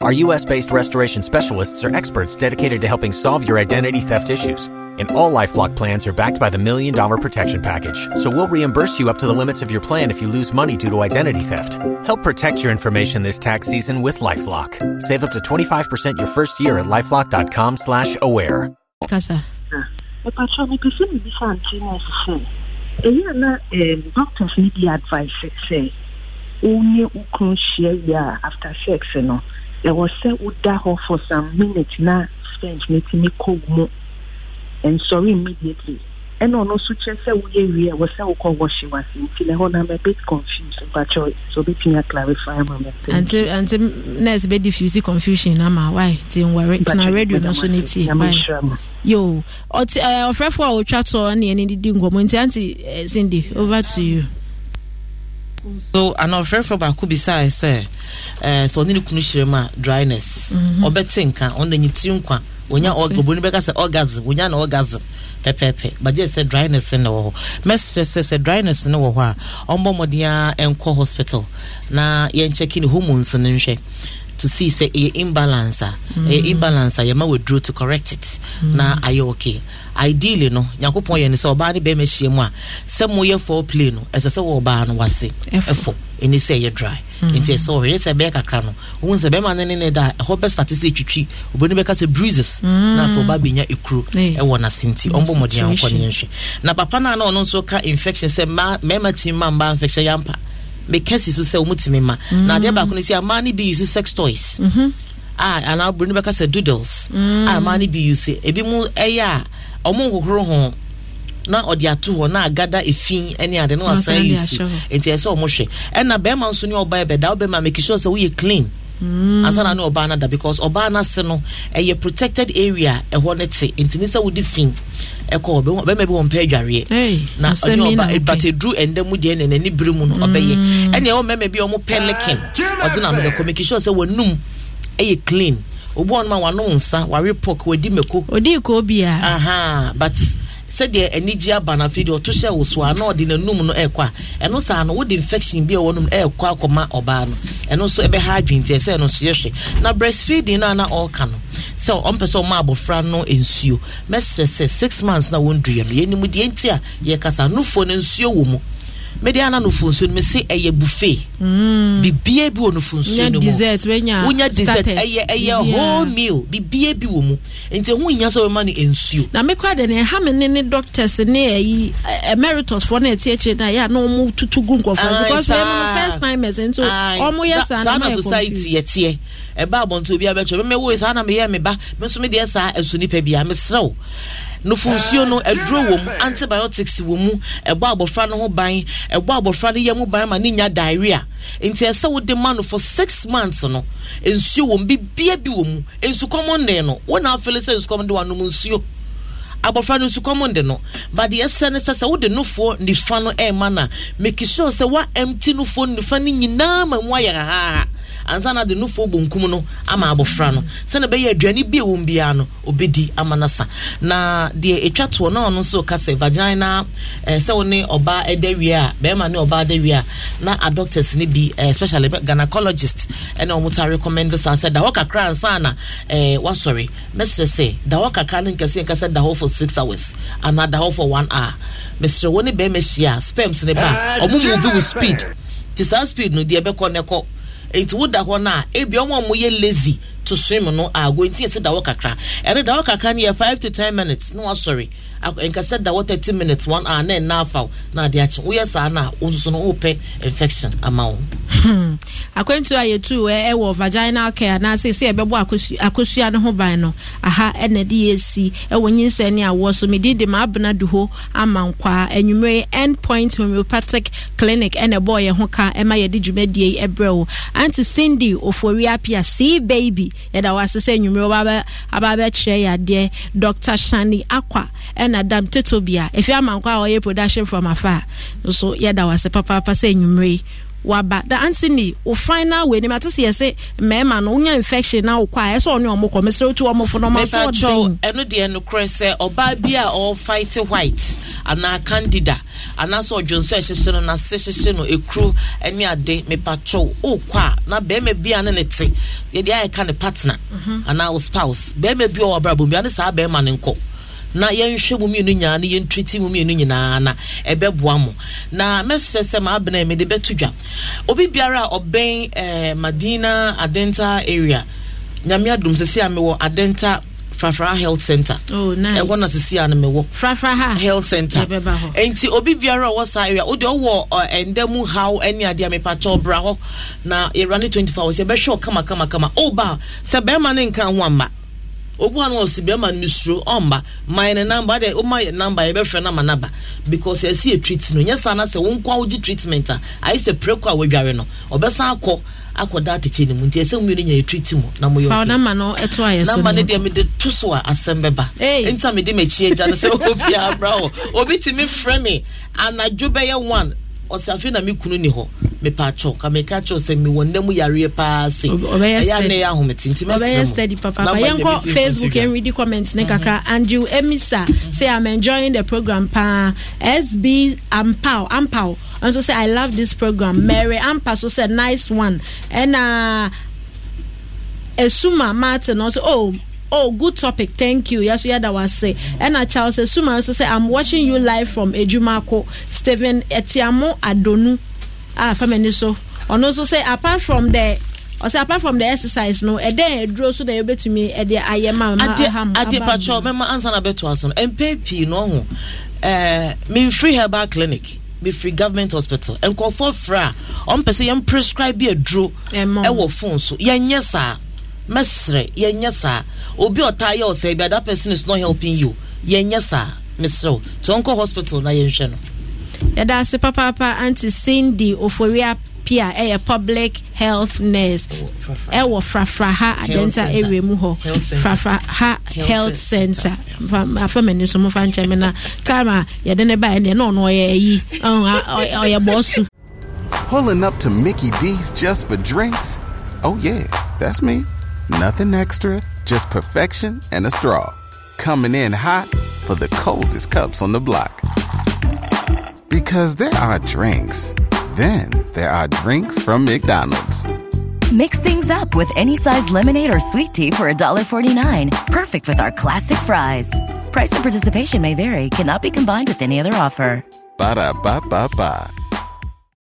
Our U.S. based restoration specialists are experts dedicated to helping solve your identity theft issues. And all Lifelock plans are backed by the Million Dollar Protection Package. So we'll reimburse you up to the limits of your plan if you lose money due to identity theft. Help protect your information this tax season with LifeLock. Save up to 25% your first year at LifeLock.com slash aware. Casa, na doctors need the advice say, o share after sex no. ɛwɔ sɛ woda hɔ for some minutes na strength no tumi kɔ mu nsɔre immediately ɛna ɔno nso kyerɛ sɛ woyɛ wie ɛwɔ sɛ wokɔ wɔhye wase nti na ɛhɔ na ma bit confused mpakyɛ uh, so wobɛtumi aclarify ma mante ante nurse bɛdifuse confusion ama wae nti nware tena radio no so ne tie yo ɔfrɛfoɔ a wɔtwa toɔ ne ɛne didi nkɔmmɔ nti ante cindy over to you so ana ɔfrɛfrɛ baako bisae sɛ eh, sɛ ɔne ne kunu hyerɛ mu a dryness mhm. nka ɔno nkwa wonya bɛka sɛ wonya na orgasm pɛpɛpɛ bagye sɛ dryness ne wɔ hɔ mɛsrɛ sɛ sɛ dryness ne wɔ hɔ a ɔmbɔ ɛnkɔ hospital na ne hormones nhwɛ to see sɛ ɛyɛ imbalance a ɛyɛ mhm. imbalance a yɛma to correct na mhm. ayɛ okay ideally no nyankopɔn yɛ ne sɛ ɔbaa ne bɛrima hyia mu a sɛ moyɛ fɔɔ play no ɛsɛ sɛ wɔ ɔbaa no wase ɛfɔ ɛne sɛ ɛyɛ dry mhm. nti ɛsɛ ɔhwɛ sɛ ɛbɛyɛ kakra no wohu sɛ bɛrima no ne ne da ɛhɔ bɛ start sɛ ɛtwitwi obɛni bɛka sɛ bruises mhm. na afei ɔba bɛnya ɛkuro ɛwɔ n'ase nti ɔmbɔ mmɔden ankɔ ne nhwe na papa no a ɔno nso ka infection sɛ mmarima tumi ma mmaa infection yɛampa meka si so sɛ ɔmutumi ma na adeɛ baako no si amaa no bi yi so sex toys mhm. a anaa obɛni bɛka sɛ doodles a amaa mm. no bi yi so ebi mu ɛyɛ a ɔmo nhohoro ho na ɔde ato hɔ na agada efi ɛne ade na wasan yi si nti ɛsɛ ɔmo hwɛ ɛna bɛrima nso ne ɔbaa ɛbɛda ɔbɛrima make sure sɛ woyɛ clean mm. na ne ɔbaa nada because ɔbaa n'ase no ɛyɛ protected area ɛhɔ ne te nti ne sɛ wodi fi ɛkɔ bi wɔn adwareɛ na ɔne ɔba but ɛnda mu deɛ ne mu no ɔbɛyɛ ɛwɔ mm. bi ɔmo pɛ ɔde bɛkɔ make sure sɛ ɛyɛ clean. obi wɔn ma wanom nsa ware pork wadi mako. odi ko bia. aha but sɛdeɛ anigye aba na afei deɛ ɔto hyɛ wo so a na ɔde n'anum no ɛrekɔ a ɛno saa no wode infection bi a ɛwɔ no mu ɛrekɔ akɔma ɔbaa no ɛno nso ɛbɛha adwene nti ɛsɛ ɛno nso yɛhwɛ na breastfeeding no a na ɔreka no sɛ ɔmpɛ sɛ ɔma abɔfra no nsuo mɛsrɛ sɛ six months na wɔnduiɛ no yɛnim deɛ nti a yɛkasa nufoɔ no nsuo wɔ mu mede ana nufunsuo no mese ɛyɛ buffet mm. bibie bi wɔ nufunsuo no mu wonya dessert ɛyɛ ɛyɛ whole meal bibie bi wɔ mu nti ho nya sɛ wɔma no nsuo na mekora de ne ɛha ne ne doctors ne ɛyi emeritus foɔ no ɛti akyire no a yɛ a na ɔmo tutu gu nkɔfoɔ because wɔn mu first timers nso ɔmo yɛ saa na ma yɛ society yɛteɛ ɛba abɔnten obi abɛtwɛ mɛmɛ wo saa na meyɛ me ba nso me deɛ saa ɛso nipa bi a nufunsuo no aduro wɔ mu antibiotics wɔ mu ɛbɔ abɔfra no ho ban ɛbɔ abɔfra no yam ban ma ne nya diarrhea nti ɛsɛ wode ma no for six months no nsuo wɔ mu bibia bi wɔ mu nsukɔmɔ nde no wɔn na afɛle sɛ nsukɔmɔ de wɔn anum nsuo abɔfra no nsukɔmɔ nde no but deɛ ɛsɛ ne sɛ sɛ wode nufoɔ nifa no ɛɛma na make sure sɛ wa empty nufoɔ nifa no nyinaa ma mu ayɛ haha ansa na de nufoɔ bonkum no ama abɔfra no sɛnea ɛbɛyɛ aduane bi a wɔn biara no obɛdi ama no sa na deɛ etwa toɔ na ɔno nso kasa vagina ɛɛ eh, sɛ wɔne ɔbaa ɛda wie a bɛrima ne ɔbaa ɛda wie a na adoctors ne bi especially eh, gynecologist ɛna wɔn ta recommend saa sɛ da hɔ kakra ansa na ɛɛ wasɔre mɛsirɛ sɛ da hɔ kakra ne nkɛse nkɛse da hɔ for six hours anaa da hɔ for one hour mɛsirɛ wɔn ne bɛrima hyia sperms ne ba ɔmo ah, move with speed ti saa speed no deɛ ɛbɛkɔ ne kɔ nti woda hɔ no a ebi ɔmo a ɔmo yɛ lazy to swim no ago nti yɛsi dawɔ kakra ɛne dawɔ kakra no yɛ eh, five to ten minutes na ah, wasɔre eh, nkasɛ dawɔ thirty minutes one hour na ɛna afaw na ade akyi woyɛ saa na wososo no wopɛ infection ama hmm. eh, wo akwantu a yɛtu ɛwɔ vaginal care anaasɛ sɛ yɛbɛbɔ akosua no ho ban no aha ɛna de yɛsi ɛwɔ nyinsɛ ne awoɔ so medin de ma abena du hɔ ama nkwaa anwummere end point homeopathic clinic ɛna ɛbɔɔ yɛ ho ka ɛma yɛde dwumadie yi ɛbrɛ wo ante cindy ofuori apia baby yɛda wase ase sɛ nnwummerɛ aba bɛkyerɛ yɛ dr shani akwa ɛna dam teto bia ɛfi amankɔ a ɔyɛ production from afa nso yɛda wase ase papaapa sɛ nnwummerɛ waba the anthony o final wei ni ma te sɛ yɛsɛ mmarima no wonya infection na wokɔ a ɛsɛ ɔne ɔmo kɔ mesrɛ tu ɔmo fo no ɔmafo ɔden ɛno deɛ nokorɛ sɛ ɔbaa bi a ɔfight white anaa candida anaasɛ ɔdwo nso a ɛhyehye no nase hyehye no ɛkuro ne ade mepatwɛw wokɔ a na barima bi a ne ne te yɛde ayɛka ne partner ana mhm. wo spouse barima bi a ɔwɔ abrabɔ bi a ne saa barima ne nkɔ na yɛnhwɛ mu mmienu nyinaa ne yɛntriti mu mmienu nyinaa na ɛbɛboa mo na mɛsrɛ sɛ ma abena mede bɛto dwa obi biara a ɔbɛn eh, madina adenta area nyame adom sɛsi a mewɔ adenta frafra health center oh, nice. ɛhɔ na sisi a no mewɔ frafra health center enti obi biara a ɔwɔ saa area wode ɔwɔ ɛnda eh, mu haw ne adeɛ a mepakyɛ ɔbra hɔ na yɛwura ne 24 hours yɛbɛhwɛ wo kama kama kama ɔba sɛ bɛrima ne nka ho amma obu ano ɔsi bɛrima no misuro ɔmba man ne namba de ɔma yɛ namba yɛbɛfrɛ nama naba because yɛsi yɛ e treat no nyɛ saa na sɛ wɔn kɔ awogye treatment a ayɛ sɛ pɛrɛko a wɔadware no ɔbɛsan akọ akɔ da atɛkyɛ ne mu nti ɛsɛ mu yɛn nyɛ treat mu na mo yɛ ɔkɛ namba no ɛto e ayɛ so namba ne deɛ mi de to so a asɛm bɛba nta mi de ma akyi agya no sɛ obi abra hɔ obi ti mi frɛ mi anadwo bɛyɛ one ɔsi afei na mi kunu ni hɔ mepatwɔ ka meka kyerɛ sɛ mewɔ nnɛ mu yareɛ paa se ɛyɛ ne yɛ ahomete nti mɛsrɛmobɛyɛ papa facebook ɛnredi comment ne kakra mhm. andrew emisa say i'm enjoying the program paa sb ampaw ampaw nso say i love this program mary ampa so sɛ nice one ɛna uh, esuma martin oh oh good topic thank you yes yeah that was say and i charles esuma also say i'm watching you live from ejumako stephen etiamo adonu Ah, fa m'ani so ɔno nso sɛ apart from the ɔsɛ apart from the exercise no ɛdɛn aduro so na yɛbɛtumi ɛde ayɛ ma ma aha mu adeɛ patwɛ mɛma ansa na bɛto aso no mpɛn no ɔho ɛɛ mefiri herbal clinic free government hospital nkɔfoɔ fra a ɔmpɛ sɛ yɛn prescribe bi aduro ɛwɔ phone so yɛnyɛ saa mɛsrɛ yɛnyɛ saa obi ɔtaa yɛ ɔsɛ bi that person is not helping you yɛnyɛ saa mɛsrɛ o to ɔnkɔ hospital na yɛnhwɛ no yɛda ase papaapa anti cindy pia ɛyɛ public health nurse ɛwɔ mu hɔ health center afa mani so mofa na time a yɛde ne neɛ ɔno ɔyɛ ayi ɔyɛ Pulling up to Mickey D's just for drinks? Oh, yeah, that's me. Nothing extra, just perfection and a straw. Coming in hot for the coldest cups on the block. Because there are drinks, then there are drinks from McDonald's. Mix things up with any size lemonade or sweet tea for $1.49. Perfect with our classic fries. Price and participation may vary, cannot be combined with any other offer. Ba da ba ba ba.